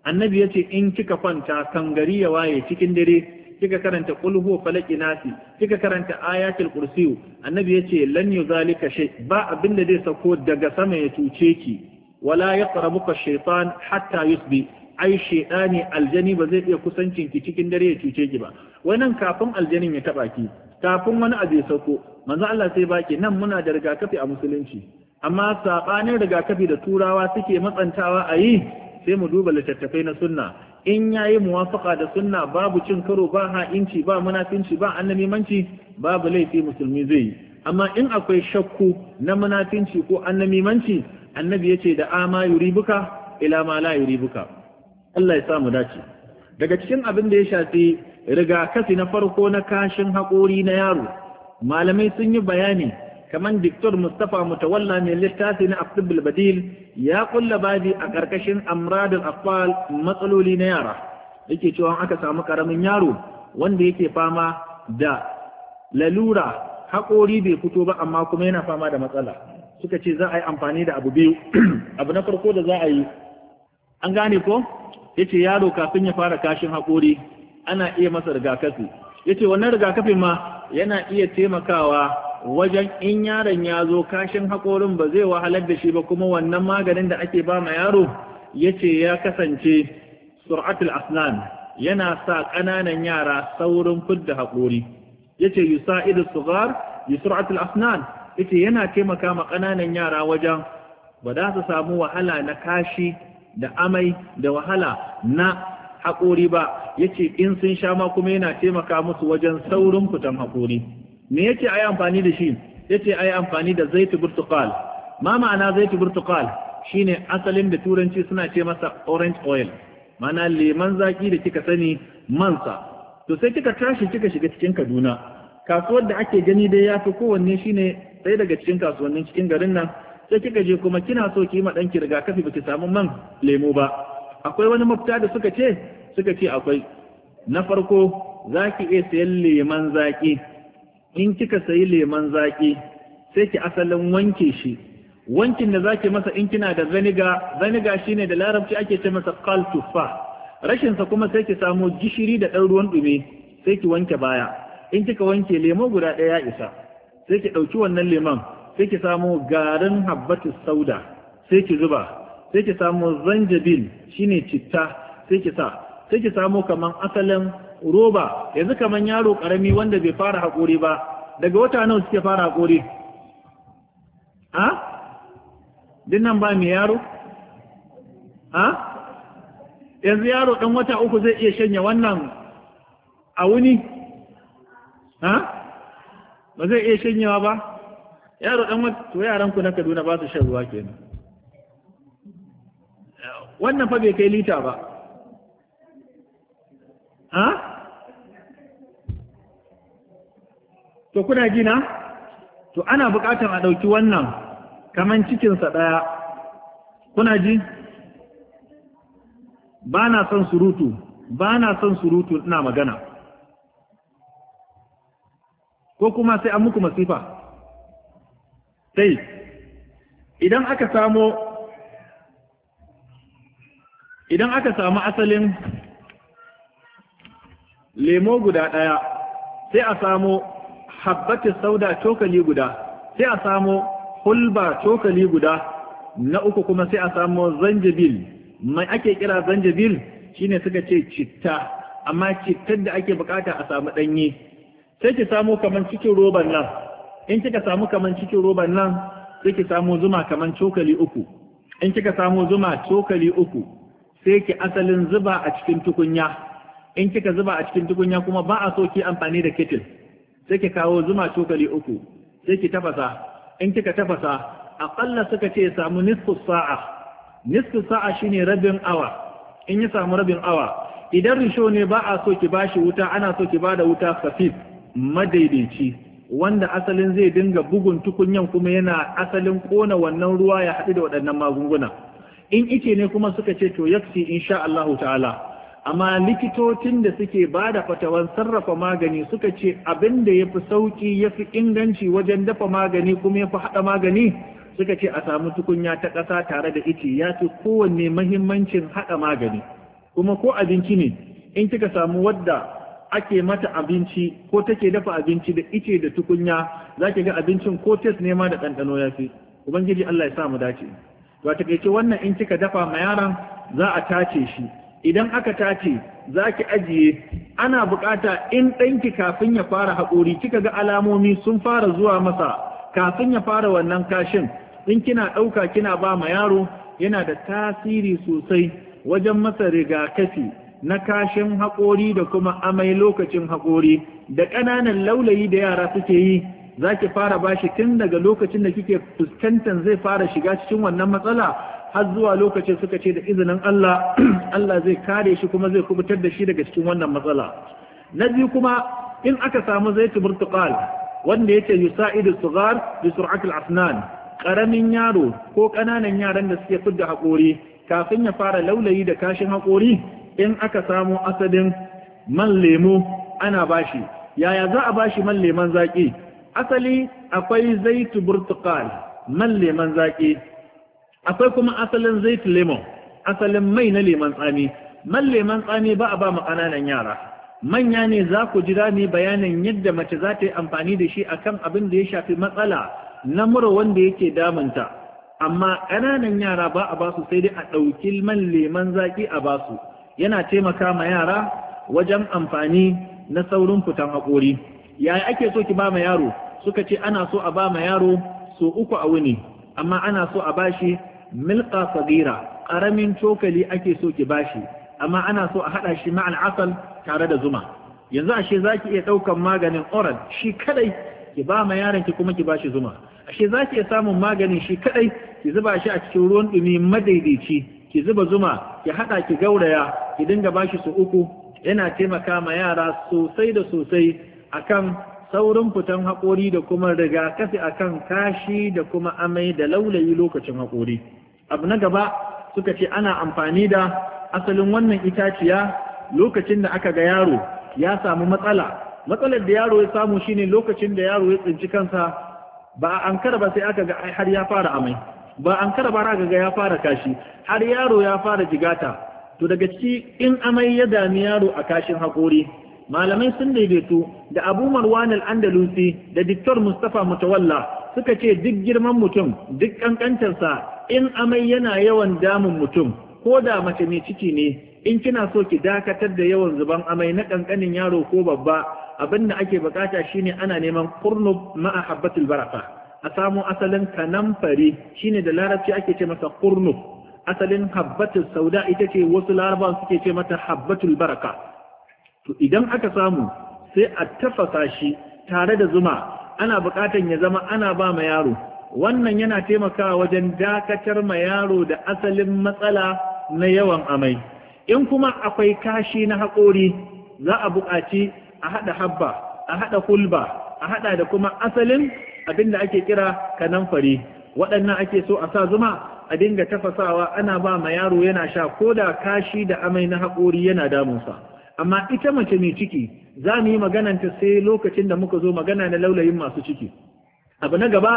annabi yace in kika kwanta kan gari ya waye cikin dare kika karanta qul huwa falaki nasi kika karanta ayatul Kursiu. annabi yace lan yuzalika shay ba abin da zai sako daga sama ya tuce ki wala yaqrabuka shaytan hatta yusbi ai shaytani aljani ba zai iya kusancin ki cikin dare ya cuce ki ba wannan kafin aljanin ya taba ki kafin wani abu ya sauko manzo Allah sai baki nan muna da rigakafi a musulunci amma sabanin rigakafi da turawa suke matsantawa a yi sai mu duba littattafai na sunna in ya yi muwafaka da sunna babu cin karo ba ha'inci ba munafinci ba annabi manci babu laifi musulmi zai yi amma in akwai shakku na munafinci ko manci annabi ce da ama buka ila ma la buka Allah ya sa mu dace daga cikin abin da ya shafi rigakafi na farko na kashin haƙori na yaro malamai sun yi bayani kamar Diktor Mustapha Mutawalla mai littafi na Abdul Badil ya kulla babi a ƙarƙashin amradul afal matsaloli na yara yake cewa aka samu ƙaramin yaro wanda yake fama da lalura haƙori bai fito ba amma kuma yana fama da matsala suka ce za a yi amfani da abu biyu abu na farko da za a yi an gane ko yace yaro kafin ya fara kashin haƙori ana iya masa rigakafi yace wannan rigakafin ma yana iya taimakawa wajen in yaron ya zo kashin haƙorin ba zai wahalar da shi ba kuma wannan maganin da ake ba ma yaro ya ce ya kasance sur'atul asnan yana sa ƙananan yara saurin fidda haƙori ya ce yusa idu sugar yi sur'atul asnan ya ce yana taimaka ma ƙananan yara wajen ba za su samu wahala na kashi da amai da wahala na haƙori ba ya ce in sun sha ma kuma yana taimaka musu wajen saurin fitan haƙori me yake ayi amfani da shi yace ayi amfani da zaitu burtukal ma ma'ana zaitu burtukal shine asalin da turanci suna ce masa orange oil mana leman zaki da kika sani mansa to sai kika tashi kika shiga cikin Kaduna kasuwar da ake gani dai yafi kowanne shine sai daga cikin kasuwannin cikin garin nan sai kika je kuma kina so ki ma danki rigakafi baki samu man lemo ba akwai wani mafita da suka ce suka ce akwai na farko zaki iya sayan leman zaki in kika sayi lemon zaƙi sai ki asalin wanke shi wankin da zaki masa in kina da zaniga zaniga shine da larabci ake ce masa qal tuffa rashin sa kuma sai ki samu gishiri da ɗan ruwan dume sai ki wanke baya in kika wanke lemo guda ɗaya ya isa sai ki ɗauki wannan leman sai ki samu garin habbatus sauda sai ki zuba sai ki samu zanjabil shine citta sai ki sa sai ki samu kaman asalin roba yanzu kaman yaro karami wanda bai fara haƙori ba daga wata nawa suke fara haƙori ha dinnan ba mai yaro ha yanzu yaro ɗan wata uku zai iya shanya wannan a wuni ha ba zai iya shanyawa ba yaro ɗan wata to yaranku na kaduna ba su shan ruwa kenan wannan fa bai kai lita ba ha to kuna jina to ana buƙatar a ɗauki wannan kaman cikinsa ɗaya kuna ji ba na son surutu ba na son surutu ina magana ko kuma sai an muku masifa sai idan aka samo idan aka samu asalin lemo guda ɗaya sai a samo habbatin sauda cokali guda sai a samo hulba cokali guda na uku kuma sai a samo zanjabil mai ake kira zanjabil shine suka ce citta amma cittar da ake bukata a samu danye sai ki samo kaman cikin roban nan in kika samu kaman cikin roban nan sai ki samo zuma kaman cokali uku in kika samo zuma cokali uku sai ki asalin zuba a cikin tukunya in kika zuba a cikin tukunya kuma ba a so ki amfani da kettle sai ki kawo zuma cokali uku sai ki tafasa in kika tafasa aƙalla suka ce samu nisfu sa'a nisfu sa'a shine rabin awa in ya samu rabin awa idan risho ne ba a so ki bashi wuta ana so ki bada wuta kafif madaidaici wanda asalin zai dinga bugun tukunyan kuma yana asalin kona wannan ruwa ya haɗu da waɗannan magunguna in ice ne kuma suka ce to yaksi insha Allah ta'ala amma likitocin da suke ba da fatawan sarrafa magani suka ce abin da ya fi sauƙi ya fi inganci wajen dafa magani kuma ya fi haɗa magani suka ce a samu tukunya ta ƙasa tare da ice ya fi kowanne mahimmancin haɗa magani kuma ko abinci ne in kika samu wadda ake mata abinci ko take dafa abinci da ice da tukunya za ki ga abincin ko tes nema da ɗanɗano ya fi ubangiji Allah ya sa mu dace to a takaice wannan in kika dafa ma yaran za a tace shi idan aka tace za ki ajiye ana bukata in ɗanki kafin ya fara haƙori kika ga alamomi sun fara zuwa masa kafin ya fara wannan kashin in kina ɗauka kina ba ma yaro yana da tasiri sosai wajen masa rigakafi na kashin haƙori da kuma amai lokacin haƙori da ƙananan laulayi da yara suke yi za ki fara bashi tun daga lokacin da kike fuskantar zai fara shiga cikin wannan matsala har zuwa lokacin suka ce da izinin Allah Allah zai kare shi kuma zai kubutar da shi daga cikin wannan matsala na biyu kuma in aka samu zaitu burtukal wanda yake yusa'idu sughar bi sur'atil asnan ƙaramin yaro ko ƙananan yaran da suke fidda hakori kafin ya fara laulayi da kashin hakori in aka samu asadin man lemo ana bashi yaya za a bashi man leman zaki asali akwai zaitu burtukal man leman zaƙi. akwai kuma asalin zait lemon asalin mai na leman tsami man leman tsami ba a ba mu ƙananan yara manya ne za ku jira ne bayanin yadda mace za ta yi amfani da shi akan abin da ya shafi matsala na mura wanda yake damunta amma ƙananan yara ba a basu sai dai a ɗauki man leman zaƙi a basu yana taimaka ma yara wajen amfani na saurin fitan hakori. yaya ake so ki ba ma yaro suka ce ana so a ba ma yaro so uku a wuni amma ana so a bashi milqa sagira ƙaramin cokali ake so ki bashi amma ana so a haɗa shi ma'al asal tare da zuma yanzu ashe zaki iya daukan maganin oral shi kadai ki ba ma yaron ki kuma ki bashi zuma ashe zaki iya samun maganin shi kadai ki zuba shi a cikin ruwan dumi madaidaici ki zuba zuma ki haɗa ki gauraya ki dinga bashi su uku yana taimaka ma yara sosai da sosai akan saurin fitan haƙori da kuma riga rigakafi kan kashi da kuma amai da laulayi lokacin haƙori abu na gaba suka ce ana amfani da asalin wannan itaciya lokacin da aka ga yaro ya samu matsala matsalar da yaro ya samu shine lokacin da yaro ya tsinci kansa ba a ankara sai aka ga har ya fara amai ba an kara ba ga ya fara kashi har yaro ya fara jigata to daga ciki in amai ya dami yaro a kashin haƙori malamai sun daidaito da abu marwan al-andalusi da diktor mustapha mutawalla suka ce duk girman mutum duk ƙanƙantarsa in amai yana yawan damun mutum ko da mace mai ciki ne in kina so ki dakatar da yawan zuban amai na kankanin yaro ko babba abin da ake bukata shine ana neman qurnub ma'a habbatul baraka a samu asalin kanamfari shine da larabci ake ce masa qurnub asalin habbatul sauda ita ce wasu larabawa suke ce mata habbatul baraka to idan aka samu sai a tafasa shi tare da zuma ana buƙatar ya zama ana ba ma yaro wannan yana taimakawa wajen dakatar ma yaro da asalin matsala na yawan amai in kuma akwai kashi na haƙori za a buƙaci a haɗa habba a haɗa hulba a haɗa da kuma asalin abin da ake kira kanamfari waɗannan ake so a sa zuma a dinga tafasawa ana ba ma yaro yana sha koda kashi da amai na haƙori yana damunsa amma ita mace mai ciki za mu yi magananta sai lokacin da muka zo magana na laulayin masu ciki abu na gaba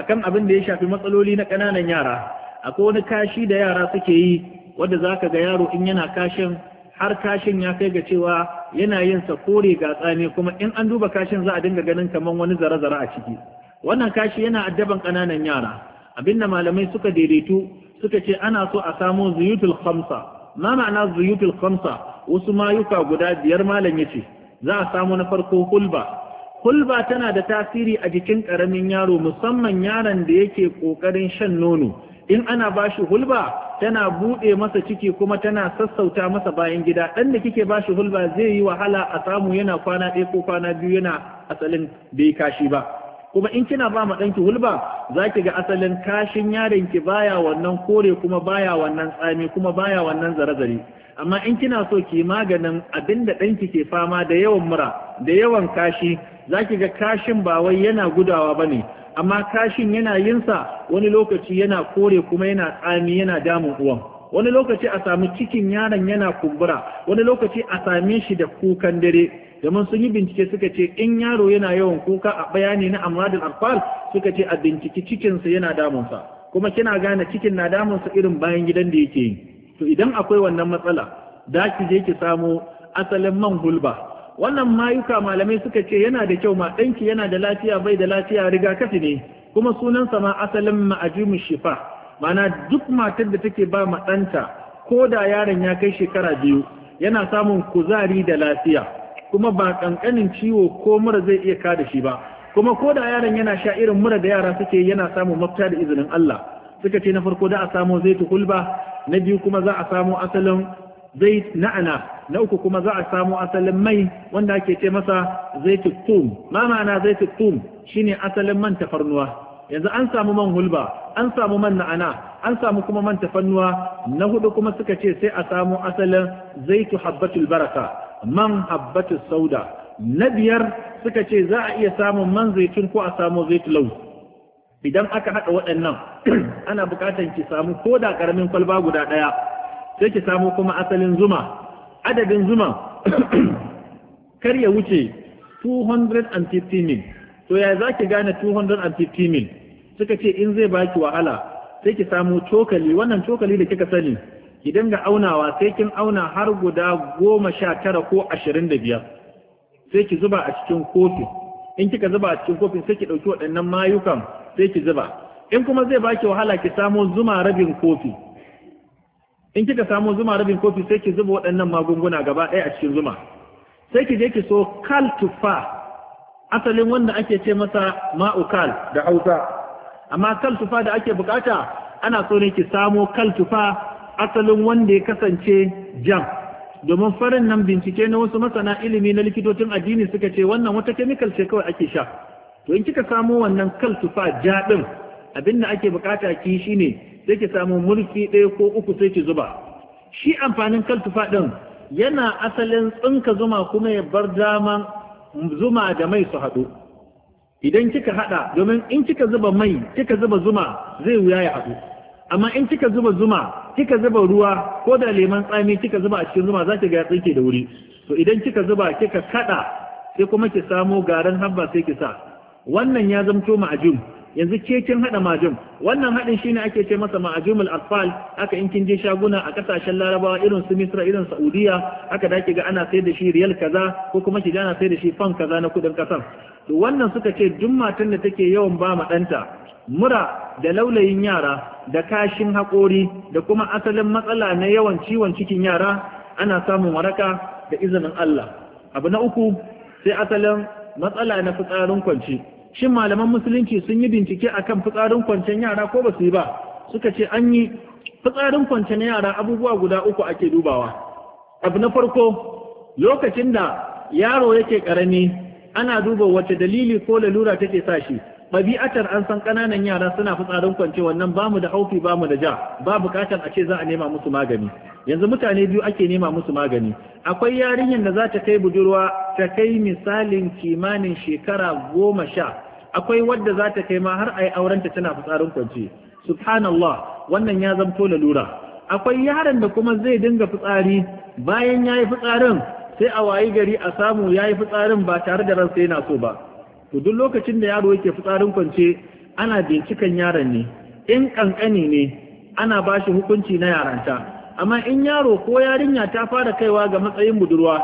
akan abin da ya shafi matsaloli na ƙananan yara akwai wani kashi da yara suke yi wanda za ka ga yaro in yana kashin har kashin ya kai ga cewa yana yin sa kore ga tsane kuma in an duba kashin za a dinga ganin kamar wani zare-zare a ciki wannan kashi yana addaban ƙananan yara abinda malamai suka daidaitu suka ce ana so a samo zuyutul khamsa ma ma'ana zuyutul khamsa wasu mayuka guda biyar malam yace za a samu na farko hulba hulba tana da tasiri a jikin ƙaramin yaro musamman yaron da yake ƙoƙarin shan nono in ana ba shi hulba tana buɗe masa ciki kuma tana sassauta masa bayan gida dan da kike bashi hulba zai yi wahala a samu yana kwana ɗaya ko kwana biyu yana asalin bai kashi ba kuma in kina ba ma ɗanki hulba za ki ga asalin kashin yaron ki baya wannan kore kuma baya wannan tsami kuma baya wannan zare-zare amma in kina so ki maganin abinda danki ɗanki ke fama da yawan mura da yawan kashi za ki ga kashin ba wai yana gudawa ba ne amma kashin yana yinsa wani lokaci yana kore kuma yana tsami yana damun uwan wani lokaci a sami cikin yaron yana kumbura wani lokaci a same shi da kukan dare domin sun yi bincike suka ce in yaro yana yawan kuka a bayani na amradin alfal suka ce a binciki cikinsa yana damunsa kuma kina gane cikin na damunsa irin bayan gidan da yake yi to idan akwai wannan matsala da ki je ki samo asalin man hulba wannan mayuka malamai suka ce yana da kyau ma ɗanki yana da lafiya bai da lafiya riga rigakafi ne kuma sunansa ma asalin ma'ajimu shifa mana duk matar da take ba ma ɗanta ko da yaron ya kai shekara biyu yana samun kuzari da lafiya kuma ba ƙanƙanin ciwo ko mura zai iya kada shi ba kuma ko da yaron yana sha irin mura da yara suke yana samun mafita da izinin Allah suka ce na farko da a samo zaitu na biyu kuma za a asalin zai na'ana na uku kuma za a samo asalin mai wanda ake ce masa zaitu tum ma ma'ana zaitu shine asalin man tafarnuwa yanzu an samu man hulba an samu man na'ana an samu kuma man tafannuwa na hudu kuma suka ce sai a samu asalin zaitu habbatul baraka man habbatu sauda na biyar suka ce za a iya samun man zaitun ko a samu zaitun idan aka haɗa waɗannan ana buƙatar ki samu ko da ƙaramin kwalba guda ɗaya sai ki samu kuma asalin zuma adadin zuma kar ya wuce 250 mil to ya za ki gane 250 mil suka ce in zai baki wahala sai ki samu cokali wannan cokali da kika sani ki dinga aunawa sai kin auna har guda goma sha tara ko ashirin da biyar sai ki zuba a cikin kofin in kika zuba a cikin kofin sai ki ɗauki waɗannan mayukan sai ki zuba in kuma zai baki wahala ki samo zuma rabin kofi in kika samo zuma rabin kofi sai ki zuba waɗannan magunguna gaba ɗaya a cikin zuma sai ki je ki so kal tufa asalin wanda ake ce masa ma'ukal da hausa amma kal tufa da ake bukata ana so ne ki samo kal tufa asalin wanda ya kasance jam domin farin nan bincike na wasu masana ilimi na likitocin addini suka ce wannan wata chemical ce kawai ake sha to in kika samo wannan kaltufa ja din abin da ake bukata ki shine sai ki samu mulki ɗaya ko uku sai ki zuba shi amfanin kal kaltufa din yana asalin tsinka zuma kuma ya bar daman zuma da mai su haɗu idan kika haɗa domin in kika zuba mai kika zuba zuma zai wuya ya haɗu amma in kika zuba zuma kika zuba ruwa ko da leman tsami kika zuba a cikin zuma za ki ga ya tsinke da wuri to idan kika zuba kika kada sai kuma ki samo garin habba sai ki sa wannan ya zamto ma'ajin. yanzu ke kin hada majum wannan haɗin shine ake ce masa ma'ajumul atfal haka in kin je shaguna a ƙasashen larabawa irin su misra irin saudiya haka da ga ana sayar da shi riyal kaza ko kuma ki ana sai da shi fan kaza na kudin kasar to wannan suka ce duk matan da take yawan ba ma danta mura da laulayin yara da kashin haƙori da kuma asalin matsala na yawan ciwon cikin yara ana samun waraka da izinin Allah abu na uku sai asalin matsala na fitsarin kwanci shin malaman musulunci sun yi bincike a kan fitsarin kwancen yara ko ba su yi ba suka ce an yi fitsarin kwancen yara abubuwa guda uku ake dubawa abu na farko lokacin da yaro yake karami ana duba wace dalili ko lalura take sa shi ɗabi'atar an san ƙananan yara suna fitsarin kwance wannan ba mu da haufi ba mu da ja ba bukatar a ce za a nema musu magani yanzu mutane biyu ake nema musu magani akwai yarinyar da za ta kai budurwa ta kai misalin kimanin shekara goma sha akwai wadda za ta kai ma har a yi aurenta tana fitsarin kwance subhanallah wannan ya zamto lalura akwai yaron da kuma zai dinga fitsari bayan ya yi fitsarin sai a wayi gari a samu ya yi fitsarin ba tare da ransa yana so ba to duk lokacin da yaro yake fitsarin kwance ana bincikan yaron ne in kankani ne ana ba shi hukunci na yaranta amma in yaro ko yarinya ta fara kaiwa ga matsayin budurwa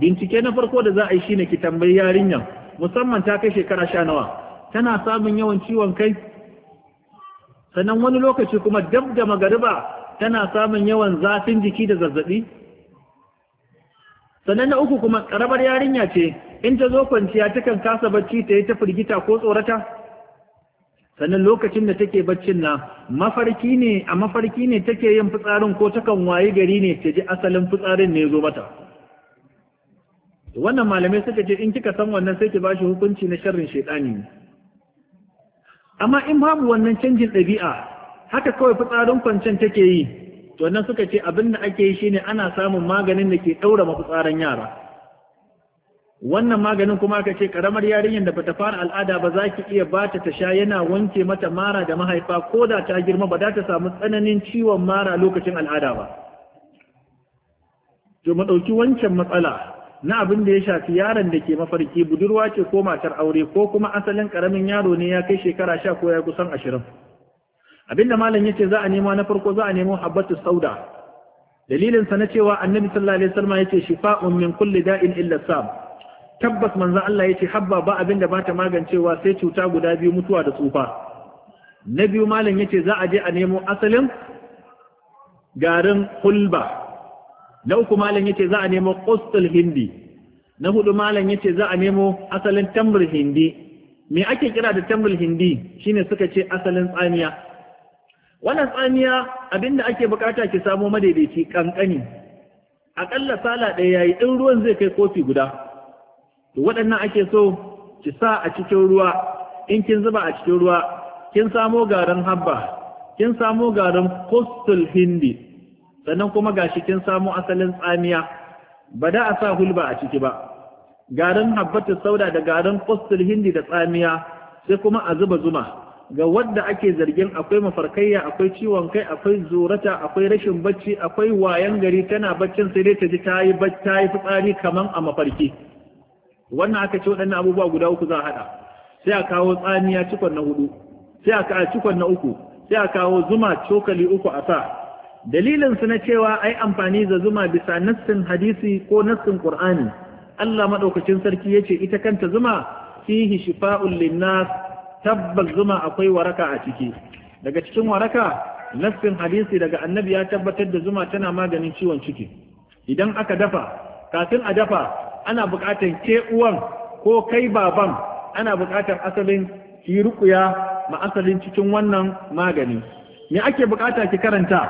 bincike na farko da za a yi shine ki tambayi yarinya musamman ta kai shekara sha nawa tana samun yawan ciwon kai sannan wani lokaci kuma dab da magariba tana samun yawan zafin jiki da zazzabi sannan na uku kuma karabar yarinya ce in ta zo kwanciya takan kasa bacci ta yi ta firgita ko tsorata sannan lokacin da take baccin na mafarki ne a mafarki ne take yin fitsarin ko takan waye gari ne ta ji asalin fitsarin ne zo mata wannan malamai suka ce in kika san wannan sai ki shi hukunci na sharrin shaidani amma in babu wannan canjin ɗabi'a haka kawai fitsarin kwancen take yi to nan suka ce abin da ake yi shine ana samun maganin da ke ɗaura mafitsaran yara wannan maganin kuma ka ce karamar yarinyar da bata fara al'ada ba za ki iya bata ta sha yana wanke mata mara da mahaifa ko da ta girma ba za ta samu tsananin ciwon mara lokacin al'ada ba to mu ɗauki wancan matsala na abin da ya shafi yaron da ke mafarki budurwa ce ko matar aure ko kuma asalin karamin yaro ne ya kai shekara sha ko ya kusan ashirin abinda malam yace za a nemo na farko za a nemo habbatu sauda Dalilinsa na cewa annabi sallallahu alaihi wasallam yace shifa'un min kulli da'in illa sab tabbas manzo Allah ya ce habba ba abin da ba magancewa sai cuta guda biyu mutuwa da tsufa na biyu malam ya ce za a je a nemo asalin garin hulba na uku malam ya ce za a nemo kostul hindi na hudu malam ya ce za a nemo asalin Tamar hindi me ake kira da Tamar hindi shine suka ce asalin tsaniya? wannan tsamiya abinda ake bukata ki samo madaidaici kankani Aƙalla sala ɗaya yayi ɗin ruwan zai kai kofi guda to waɗannan ake so ki sa a cikin ruwa in kin zuba a cikin ruwa kin samo garin habba kin samo garin Kostul hindi sannan kuma gashi kin samo asalin tsamiya ba da a sa hulba a ciki ba garin habbatu sauda da garin Kostul hindi da tsamiya sai kuma a zuba zuma ga wadda ake zargin akwai mafarkayya akwai ciwon kai akwai zurata akwai rashin bacci akwai wayan gari tana baccin sai dai ta ji ta yi fitsari kaman a mafarki wannan aka ce waɗannan abubuwa guda uku za a haɗa sai a kawo tsamiya cikon na hudu sai a kawo cikon na uku sai a kawo zuma cokali uku a sa dalilin su na cewa ai amfani da zuma bisa nassin hadisi ko nassin qur'ani Allah madaukakin sarki yace ita kanta zuma fihi shifa'un linnas tabbas zuma akwai waraka a ciki daga cikin waraka nassin hadisi daga annabi ya tabbatar da zuma tana maganin ciwon ciki idan aka dafa kafin a dafa ana buƙatar ke uwan ko kai baban ana buƙatar asalin ki rukuya ma asalin cikin wannan magani me ake buƙata ki karanta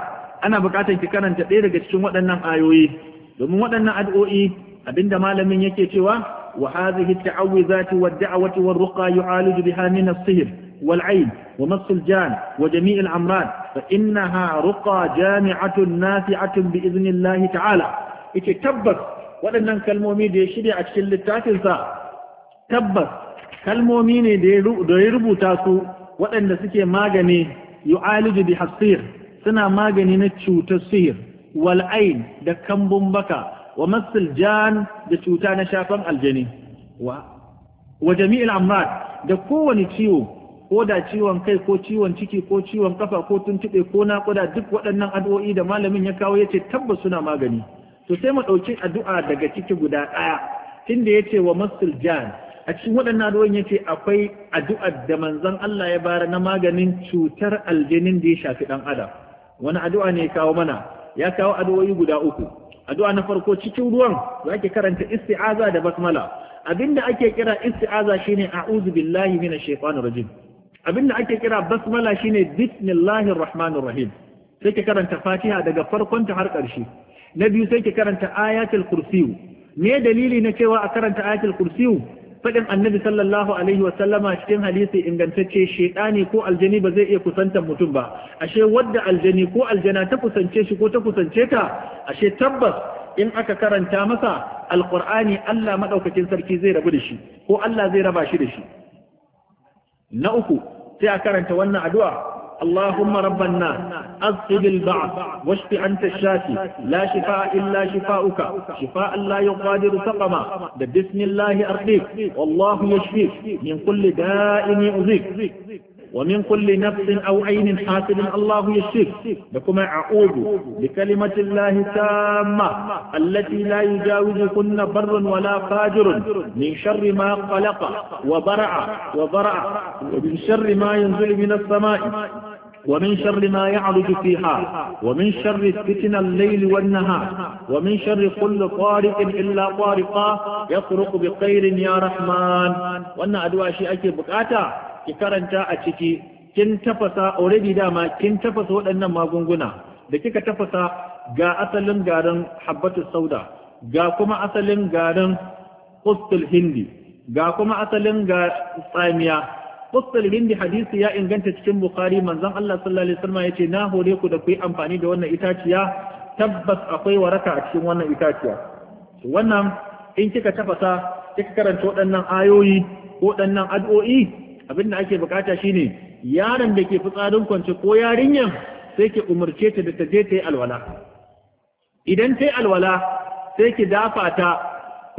ana buƙatar ki karanta ɗaya daga cikin waɗannan ayoyi domin waɗannan addu'o'i abinda malamin yake cewa wa hadhihi at-ta'awwizati wad-da'wati wa ruqa yu'alaju biha min as-sihr والعين ومس الجان وجميع الأمراض فإنها رقى جامعة نافعة بإذن ta'ala تعالى tabbas. waɗannan kalmomi da ya shirya a cikin littafinsa tabbas kalmomi ne da ya rubuta su waɗanda suke magani yu'aliju bi hasir suna magani na cutar sihir wal'ain da kambun baka wa masul jan da cuta na shafan aljani wa jami'il amrad da kowane ciwo ko da ciwon kai ko ciwon ciki ko ciwon kafa ko tuntube ko na naƙuda duk waɗannan addu'o'i da malamin ya kawo yace tabbas suna magani to sai mu ɗauki addu'a daga ciki guda ɗaya tunda yace wa masul jan a cikin waɗannan ruwan yace akwai addu'a da manzon Allah ya bara na maganin cutar aljinin da ya shafi ɗan adam wani addu'a ne kawo mana ya kawo addu'o'i guda uku addu'a na farko cikin ruwan zaki karanta isti'aza da basmala abinda ake kira isti'aza shine a'udhu billahi minash shaitanir rajim abinda ake kira basmala shine bismillahir rahmanir rahim sai ki karanta fatiha daga farkon ta har ƙarshe na biyu sai ki karanta ayatul kursiyu me dalili na cewa a karanta ayatul kursiyu fadin annabi sallallahu alaihi wa sallama, cikin hadisi ingantacce shedani ko aljani ba zai iya kusanta mutum ba ashe wadda aljani ko aljana ta kusance shi ko ta kusance ta ashe tabbas in aka karanta masa alqur'ani Allah madaukakin sarki zai rabu da shi ko Allah zai raba shi da shi na uku sai a karanta wannan addu'a اللهم رب الناس أصب البعض واشف أنت الشافي لا شفاء إلا شفاؤك شفاء لا يغادر سقما بسم الله أرقيك والله يشفيك من كل داء يؤذيك ومن كل نفس أو عين حاسد الله يشفيك لكما أعوذ بكلمة الله التامة التي لا يجاوزكن بر ولا فاجر من شر ما خلق وبرع وبرع ومن شر ما ينزل من السماء ومن شر ما يعرج فيها ومن شر فتن الليل والنهار ومن شر كل طارق إلا طارقا يطرق بخير يا رحمن وانا أدوى شيء أكي بكاتا كفرن جاء تشكي kin tafasa already dama kin tafasa waɗannan magunguna da kika tafasa ga asalin garin habbatus sauda ga kuma asalin garin kustul hindi ga kuma asalin ga tsamiya quttul da hadisi ya inganta cikin bukhari manzon Allah sallallahu alaihi wasallam yace na hore ku da ku yi amfani da wannan itaciya tabbas akwai waraka a cikin wannan itaciya wannan in kika tafasa kika karanta waɗannan ayoyi ko waɗannan addu'o'i abin da ake bukata shine yaron da ke fitsarin kwance ko yarinyan sai ki umarce ta da ta je ta yi alwala idan ta yi alwala sai ki dafa ta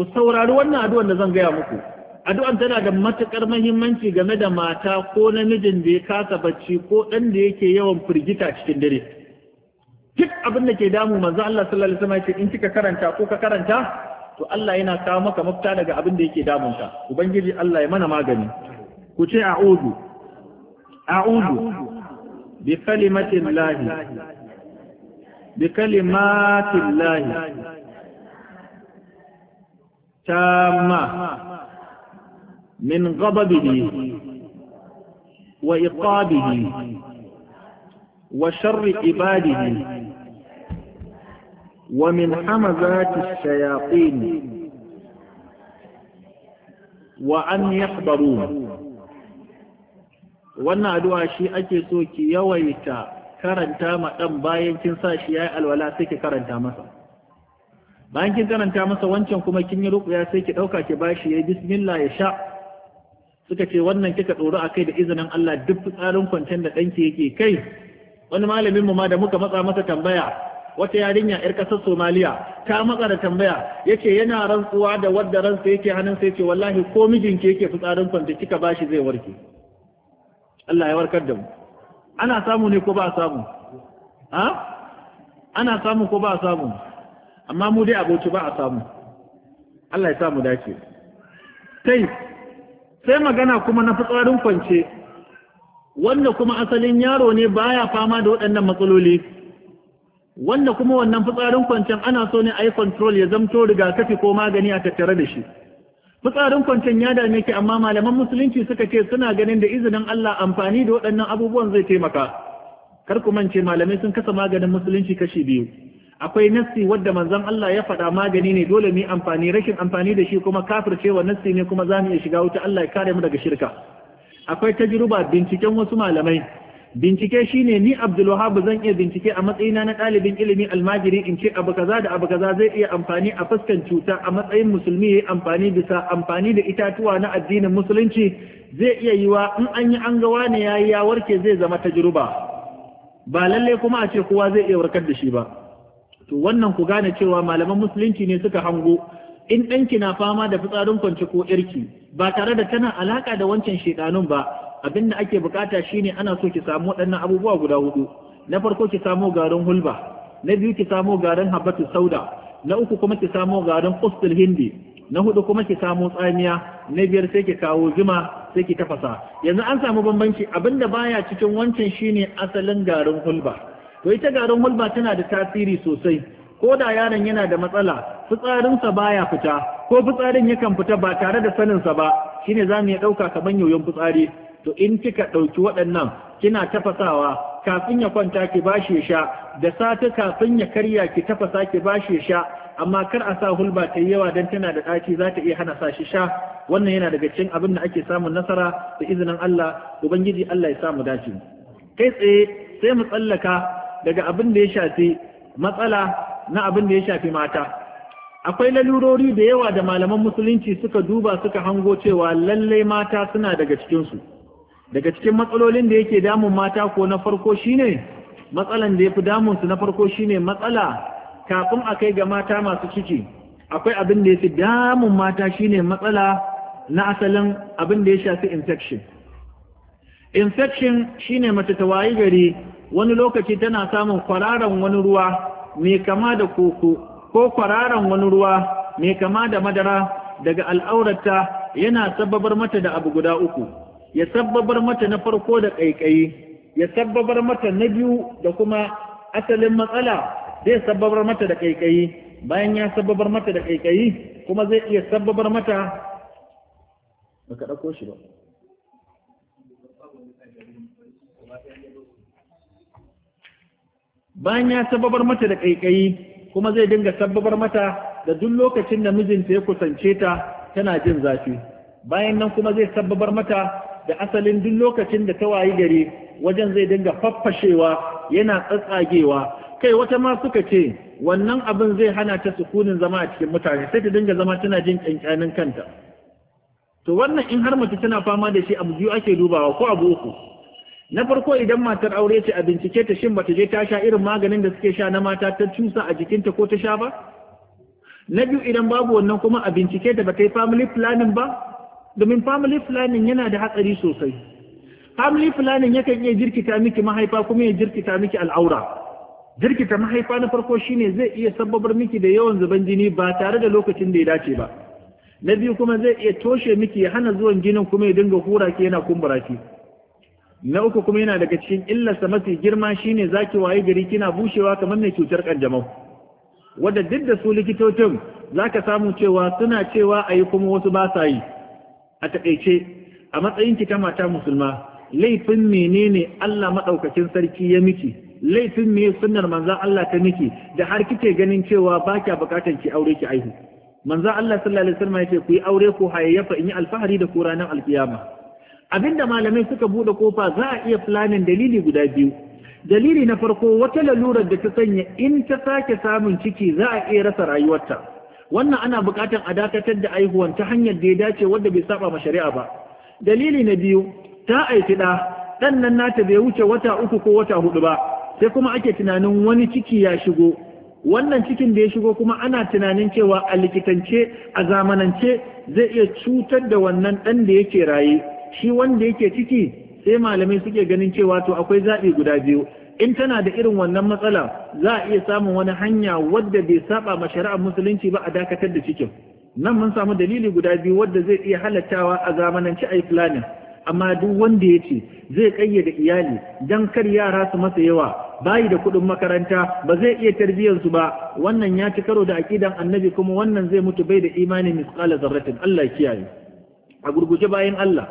ku saurari wannan addu'ar da zan gaya muku addu'an tana da matukar mahimmanci game da mata ko namijin da ya kasa bacci ko ɗan da yake yawan firgita cikin dare duk abin da ke damu manzo Allah sallallahu alaihi wasallam in kika karanta ko ka karanta to Allah yana kawo maka mafita daga abin da yake damunka ubangiji Allah ya mana magani ku ce a'udhu a'udhu bi kalimati lahi bi kalimati lahi tamma من غضبه وإقابه وشر عباده ومن حمزات الشياطين وأن يحضرون wannan addu'a shi ake so ki yawaita karanta ma bayan kin sa shi ya yi alwala sai ki karanta masa bayan kin karanta masa wancan kuma kin yi ruqya sai ki ɗauka ki bashi yi bismillah ya sha suka ce wannan kika tsoro a kai da izinin Allah duk tsarin kwantar da ɗanki yake kai wani malamin mu ma da muka matsa masa tambaya wata yarinya yar ƙasar Somaliya ta matsa da tambaya yace yana rantsuwa da wadda ransa yake hannun sai yace wallahi ko mijinki yake fitsarin kwanta kika bashi zai warke Allah ya warkar da mu ana samu ne ko ba samu ha ana samu ko ba samu amma mu dai aboci ba a samu Allah ya samu dace sai sai magana kuma na fitsarin kwance wanda kuma asalin yaro ne baya fama da waɗannan matsaloli wanda kuma wannan fitsarin kwancen ana so ne a yi control ya zamto rigakafi ko magani a tattare da shi fitsarin kwancen ya dame ki amma malaman musulunci suka ce suna ganin da izinin Allah amfani da waɗannan abubuwan zai taimaka kar ku mance malamai sun kasa maganin musulunci kashi biyu akwai nassi wadda manzon Allah ya faɗa magani ne dole mu amfani rashin amfani da shi kuma kafircewa nassi ne kuma zamu iya shiga wuta Allah ya kare mu daga shirka akwai tajruba binciken wasu malamai bincike shine ni Abdul Wahhab zan iya bincike a matsayina na ɗalibin ilimi almajiri in ce abu kaza da abu kaza zai iya amfani a fuskan cuta a matsayin musulmi yayi amfani bisa amfani da itatuwa na addinin musulunci zai iya yiwa in an yi an ga wani yayi ya warke zai zama tajruba ba lalle kuma a ce kowa zai iya warkar da shi ba to wannan ku gane cewa malaman musulunci ne suka hango in ɗanki na fama da fitsarin kwance ko irki ba tare da tana alaka da wancan shekanun ba abin da ake bukata shine ana so ki samu waɗannan abubuwa guda hudu na farko ki samu garin hulba na biyu ki samu garin habatu sauda na uku kuma ki samu garin qustul hindi na hudu kuma ki samu tsamiya na biyar sai ki kawo zuma sai ki tafasa yanzu an samu bambanci abinda baya cikin wancan shine asalin garin hulba to ita garin hulba tana da tasiri sosai ko da yaron yana da matsala fitsarinsa baya fita ko fitsarin yakan fita ba tare da saninsa ba shine za mu iya ɗauka kamar yoyon fitsari to in kika ɗauki waɗannan kina tafasawa kafin ya kwanta ki bashi ya sha da sati kafin ya karya ki tafasa ki bashi ya sha amma kar a sa hulba ta yawa don tana da ɗaci za ta iya hana sa shi sha wannan yana daga cikin abin da ake samun nasara da izinin Allah ubangiji Allah ya samu dace kai tsaye sai mu tsallaka daga abin da ya shafi matsala na abin da ya shafi mata akwai lalurori da yawa da malaman musulunci suka duba suka hango cewa lallai mata suna daga cikinsu daga cikin matsalolin da yake damun mata ko na farko shine matsalan da ya fi damunsu na farko shine matsala kafin a kai ga mata masu ciki akwai abin da ya fi damun mata shine matsala na asalin abin da ya shafi infection infection shine mace ta wayi gari wani lokaci tana samun kwararan wani ruwa mai kama da koko ko kwararan wani ruwa mai kama da madara daga al'aurata yana sababar mata da abu guda uku ya sababar mata na farko da ƙaiƙayi ya sababar mata na biyu da kuma asalin matsala zai sababar mata da ƙaiƙayi bayan ya sababar mata da ƙaiƙayi kuma zai iya sababar mata ɗauko shi ba bayan ya sababar mata da ƙaiƙayi kuma zai dinga sababar mata da duk lokacin da mijinta ya kusance ta tana jin zafi bayan nan kuma zai sababar mata da asalin duk lokacin da ta wayi gari wajen zai dinga faffashewa yana tsatsagewa kai wata ma suka ce wannan abin zai hana ta sukunin zama a cikin mutane sai ta dinga zama tana jin kyankyanin kanta to wannan in har mace tana fama da shi abu biyu ake dubawa ko abu uku na farko idan matar aure ce a bincike ta shin bata je ta sha irin maganin da suke sha na mata ta cusa a jikinta ko ta sha ba na biyu idan babu wannan kuma a bincike ta bata yi family planning ba domin family planning yana da hatsari sosai family planning yakan iya jirkita miki mahaifa kuma ya jirkita miki al'aura jirkita mahaifa na farko shine zai iya sababar miki da yawan zuban jini ba tare da lokacin da ya dace ba na biyu kuma zai iya toshe miki ya hana zuwan jinin kuma ya dinga hura ki yana kumbura ki na uku kuma yana daga cikin illarsa mafi girma shine zaki waye gari kina bushewa kamar mai cutar kanjamau wanda duk da su likitocin zaka samu cewa suna cewa ayi kuma wasu ba sa yi a taƙaice a matsayin ki ta mata musulma laifin menene Allah madaukakin sarki ya miki laifin me sunnar manza Allah ta miki da har kike ganin cewa ba kya bukatar ki aure ki aihu manzon Allah sallallahu alaihi wasallam ya ce ku yi aure ku hayayyafa in yi alfahari da ku ranar alkiyama abinda malamai suka bude kofa za a iya planin dalili guda biyu dalili na farko wata lalurar da ta sanya in ta sake samun ciki za a iya rasa rayuwarta wannan ana bukatar a dakatar da aihuwan ta hanyar da ya dace wadda bai saba ma shari'a ba dalili na biyu ta aiki da dan nan nata bai wuce wata uku ko wata hudu ba sai kuma ake tunanin wani ciki ya shigo wannan cikin da ya shigo kuma ana tunanin cewa a likitance a zamanance zai iya cutar da wannan dan da yake raye shi wanda yake ciki sai malamai suke ganin cewa to akwai zaɓi guda biyu in tana da irin wannan matsala za a iya samun wani hanya wadda bai saba ma shari'ar musulunci ba a dakatar da cikin nan mun samu dalili guda biyu wadda zai iya halattawa a zamanance a planning amma duk wanda ya ce zai kayyade iyali dan kar yara su masa yawa bayi da kuɗin makaranta ba zai iya tarbiyyar su ba wannan ya ci karo da aƙidan annabi kuma wannan zai mutu bai da imani misqala zarratin Allah kiyaye a gurguje bayan Allah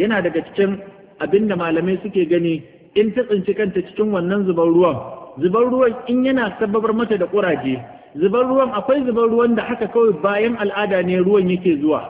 yana daga cikin abinda malamai suke gani in ta tsinci kanta cikin wannan zubar ruwan zubar ruwan in yana sababar mata da ƙuraje zubar ruwan akwai zubar ruwan da haka kawai bayan al'ada ne ruwan yake zuwa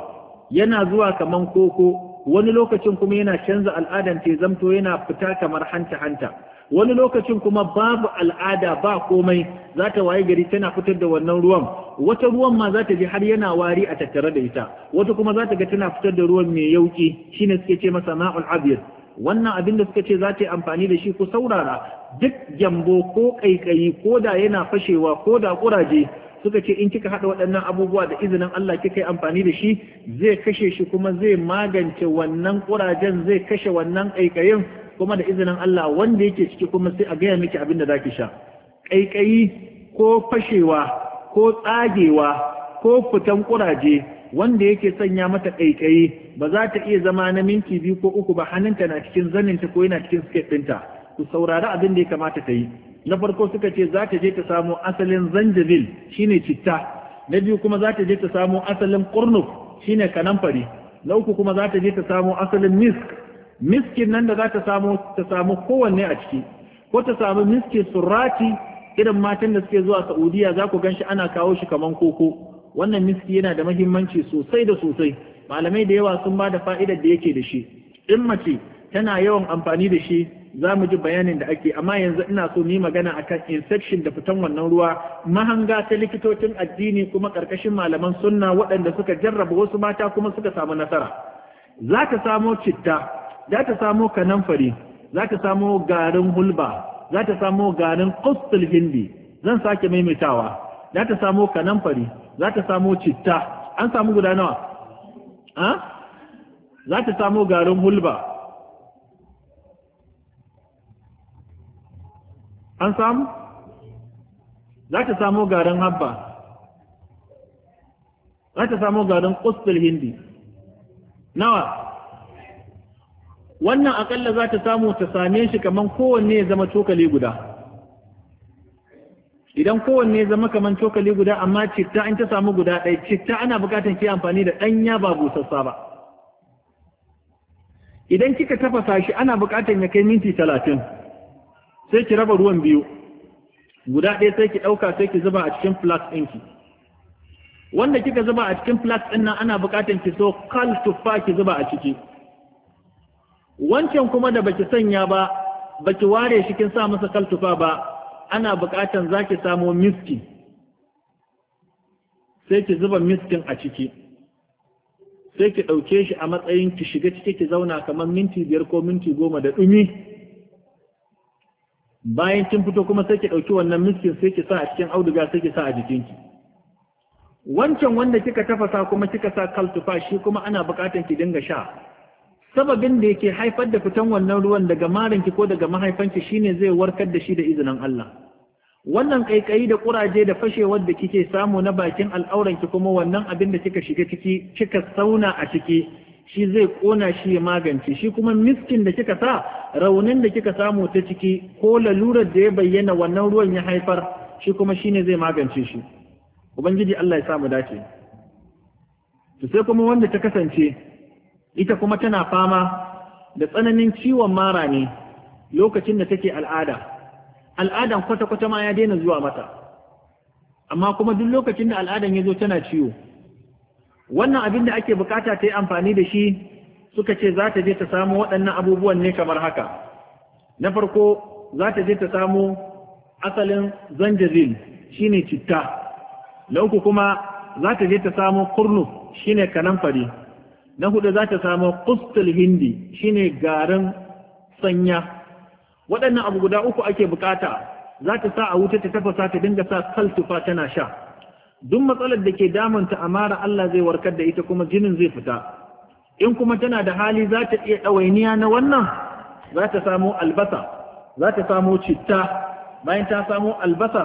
yana zuwa kamar koko wani lokacin kuma yana canza al'adan ta zamto yana fita kamar hanta hanta wani lokacin kuma babu al'ada ba komai za ta waye gari tana fitar da wannan ruwan wata ruwan ma za ta ji har yana wari a tattare da ita wata kuma za ta ga tana fitar da ruwan mai yauki shine suke ce masa ma'ul abyad wannan abin da suka ce za ta yi amfani da shi ku saurara duk gyambo ko kaikayi ko da yana fashewa ko da kuraje suka ce in kika haɗa waɗannan abubuwa da izinin Allah kika yi amfani da shi zai kashe shi kuma zai magance wannan kurajen zai kashe wannan kaikayin kuma da izinin Allah wanda yake ciki kuma sai a gaya miki abin da za ki sha ƙaiƙayi ko fashewa ko tsagewa ko fitan ƙuraje wanda yake sanya mata ƙaiƙayi ba za ta iya zama na minti biyu ko uku ba hannunta na cikin zaninta ko yana cikin siket ɗinta ku saurari abin da ya kamata ta yi na farko suka ce za ta je ta samo asalin zanjabil shine citta na biyu kuma za ta je ta samo asalin ƙurnuf shine kanamfari na uku kuma za ta je ta samo asalin misk miskin nan da za ta samu ta samu kowanne a ciki ko ta samu miskin surati irin matan da suke zuwa Saudiya za ku ganshi ana kawo shi kaman koko wannan miski yana da mahimmanci sosai da sosai malamai da yawa sun ba da fa'idar da yake da shi in mace tana yawan amfani da shi za mu ji bayanin da ake amma yanzu ina so ni magana akan infection da fitan wannan ruwa mahanga ta likitocin addini kuma karkashin malaman sunna waɗanda suka jarraba wasu mata kuma suka samu nasara za ta samo citta za ta samo kanamfari za ta samo garin hulba za ta samo garin kustul hindi zan sake maimaitawa za ta samo kanamfari za ta samo citta an samu guda nawa za ta samo garin hulba an samu za ta samo garin habba za ta samo garin kustul hindi nawa wannan akalla za ta samu ta same shi kaman kowanne ya zama cokali guda idan kowanne ya zama kaman cokali guda amma citta an ta samu guda ɗaya citta ana buƙatar ki amfani da ɗanya ba busassa ba idan kika tafasa shi ana buƙatar ya kai minti talatin sai ki raba ruwan biyu guda ɗaya sai ki ɗauka sai ki zuba a cikin flask ɗinki wanda kika zuba a cikin flask ɗin nan ana buƙatar ki so kal tuffa ki zuba a ciki wancan kuma da baki sanya ba baki ware shi kin sa masa kaltufa ba ana buƙatan zaki samo miski sai ki zuba miskin a ciki sai ki ɗauke shi a matsayin ki shiga ciki ki zauna kamar minti biyar ko minti goma da ɗumi bayan kin fito kuma sai ki ɗauki wannan miskin sai ki sa a cikin auduga sai ki sa a jikinki wancan wanda kika tafasa kuma kika sa kaltufa shi kuma ana buƙatan ki dinga sha sababin da yake haifar da fitan wannan ruwan daga marinki ko daga mahaifanki shine zai warkar da shi da izinin Allah wannan kaikayi da kuraje da fashewar da kike samu na bakin al'auranki kuma wannan abin da kika shiga ciki kika sauna a ciki shi zai kona shi ya magance shi kuma miskin da kika sa raunin da kika samu ta ciki ko lalurar da ya bayyana wannan ruwan ya haifar shi kuma shine zai magance shi ubangiji Allah ya samu dace to sai kuma wanda ta kasance ita kuma tana fama da tsananin ciwon mara ne lokacin da take al'ada al'adan kwata-kwata ma ya daina zuwa mata amma kuma duk lokacin da al'adan ya zo tana ciwo wannan abin da ake bukata ta yi amfani da shi suka ce za ta je ta samu waɗannan abubuwan ne kamar haka na farko za ta je ta samu asalin zanjazil shine citta na uku kuma za ta je ta samu kurnu shine kanamfari na hudu za ta samu kustul hindi shine garin sanya waɗannan abu guda uku ake bukata za ta sa a wuta ta tafasa ta dinga sa kaltufa tana sha duk matsalar da ke damunta a mara Allah zai warkar da ita kuma jinin zai fita in kuma tana da hali za ta iya ɗawainiya na wannan za ta samo albasa za ta samo citta bayan ta samo albasa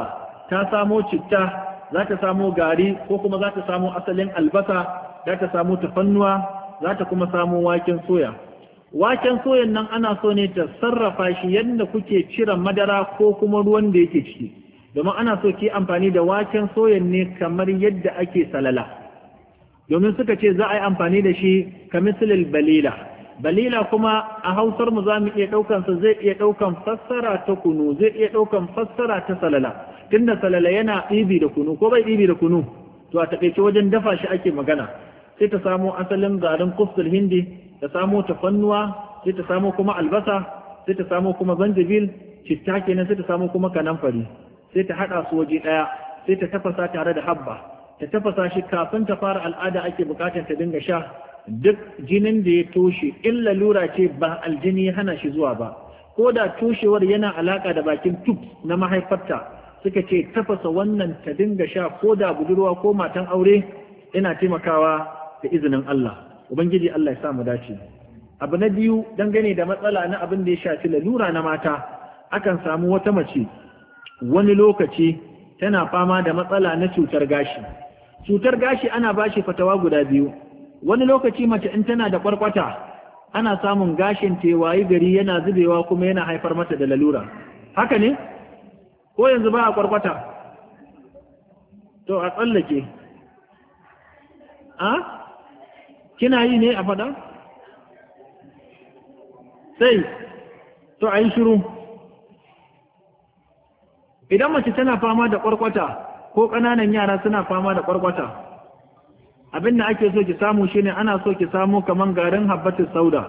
ta samo citta za ta samo gari ko kuma za ta samo asalin albasa za ta samo tafannuwa za ta kuma samo waken soya waken soyan nan ana so ne ta sarrafa shi yadda kuke cire madara ko kuma ruwan da yake ciki domin ana so ki amfani da waken soyan ne kamar yadda ake salala domin suka ce za a yi amfani da shi kamisilil balila balila kuma a hausar mu za mu iya ɗaukansa zai iya ɗaukan fassara ta kunu zai iya ɗaukan fassara ta salala tunda salala yana ɗibi da kunu ko bai ɗibi da kunu to a taƙaice wajen dafa shi ake magana sai ta samo asalin garin kustul hindi ta samo tafannuwa sai ta samo kuma albasa sai ta samo kuma zanjabil citta kenan sai ta samo kuma kanamfari sai ta hada su waje daya sai ta tafasa tare da habba ta tafasa shi kafin ta fara al'ada ake bukatar ta dinga sha duk jinin da ya toshe illa lura ce ba aljini ya hana shi zuwa ba ko da toshewar yana alaka da bakin tub na mahaifarta suka ce tafasa wannan ta dinga sha ko da budurwa ko matan aure ina taimakawa da izinin Allah ubangiji Allah ya sa mu dace abu na biyu dangane da matsala na abin da ya shafi lalura na mata akan samu wata mace wani lokaci tana fama da matsala na cutar gashi cutar gashi ana bashi fatawa guda biyu wani lokaci mace in tana da kwarkwata ana samun gashin tewayi gari yana zubewa kuma yana haifar mata da lalura haka ne ko yanzu ba a kwarkwata to a tsallake a kina yi ne a faɗa sai to a yi shiru idan mace tana fama da ƙwarƙwata ko ƙananan yara suna fama da ƙwarƙwata abin da ake so ki samu shine ana so ki samu kaman garin habbatus sauda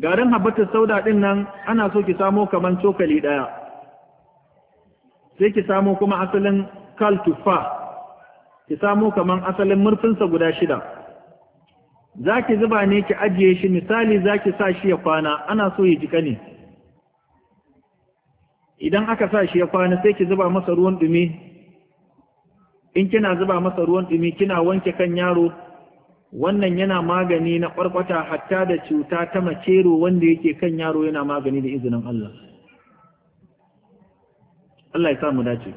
garin habbatus sauda din nan ana so ki samu kaman cokali ɗaya, sai ki samu kuma asalin kaltufa ki samu kaman asalin murfinsa guda shida za ki zuba ne ki ajiye shi misali za ki sa shi ya kwana ana so ya jika ne idan aka sa shi ya kwana sai ki zuba masa ruwan ɗumi in kina zuba masa ruwan ɗumi kina wanke kan yaro wannan yana magani na ƙwarƙwata hatta da cuta ta macero wanda yake kan yaro yana magani da izinin Allah Allah ya sa mu dace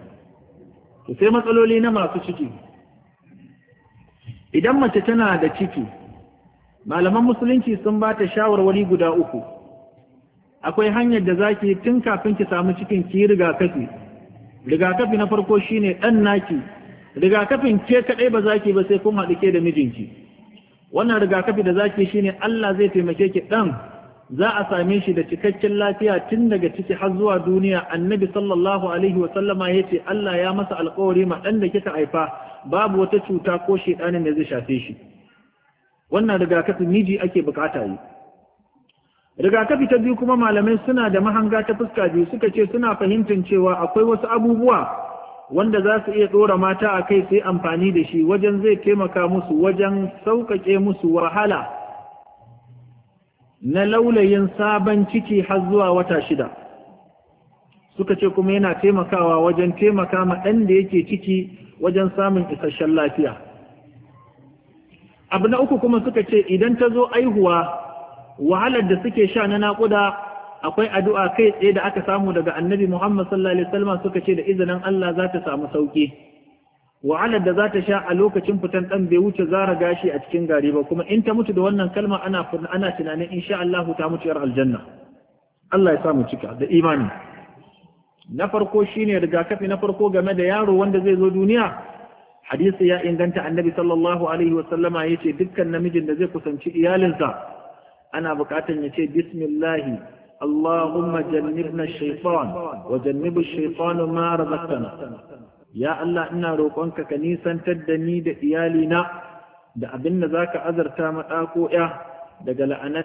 to sai matsaloli na masu ciki idan mace tana da ciki malaman musulunci sun ba ta shawarwari guda uku akwai hanyar da zaki tun kafin ki samu cikin ki rigakafi rigakafi na farko shine dan naki rigakafin ke kadai ba zaki ba sai kun haɗu ke da mijinki wannan rigakafi da zaki shine Allah zai taimake ki dan za a same shi da cikakken lafiya tun daga ciki har zuwa duniya annabi sallallahu alaihi wa sallama yace Allah ya masa alƙawari ma dan da kika haifa babu wata cuta ko shedanin da zai shafe shi wannan rigakafin miji ake bukata yi rigakafi ta biyu kuma malamai suna da mahanga ta fuska biyu suka ce suna fahimtar cewa akwai wasu abubuwa wanda za su iya tsora mata a kai su yi amfani da shi wajen zai taimaka musu wajen sauƙaƙe musu wahala na laulayin sabon ciki har zuwa wata shida suka ce kuma yana taimakawa wajen taimaka ma ɗan da yake ciki wajen samun isasshen lafiya abu na uku kuma suka ce idan ta zo aihuwa wahalar da suke sha na naƙuda akwai addu'a kai tsaye da aka samu daga annabi Muhammad sallallahu alaihi wasallam suka ce da izinin Allah za ta samu sauki wahalar da za ta sha a lokacin fitan ɗan bai wuce zara gashi a cikin gari ba kuma in ta mutu da wannan kalma ana ana tunanin insha Allah ta mutu yar aljanna Allah ya samu cika da imani na farko shine rigakafi na farko game da yaro wanda zai zo duniya hadisi ya inganta annabi sallallahu alaihi wasallama ya ce dukkan namijin da zai kusanci iyalinsa ana bukatar ya ce bismillahi allahumma jannibna shaitan wa jannibu shaitanu ma razaqtana ya Allah ina roƙonka ka nisantar da ni da iyalina da abin da zaka azarta ma ko ya daga la'anar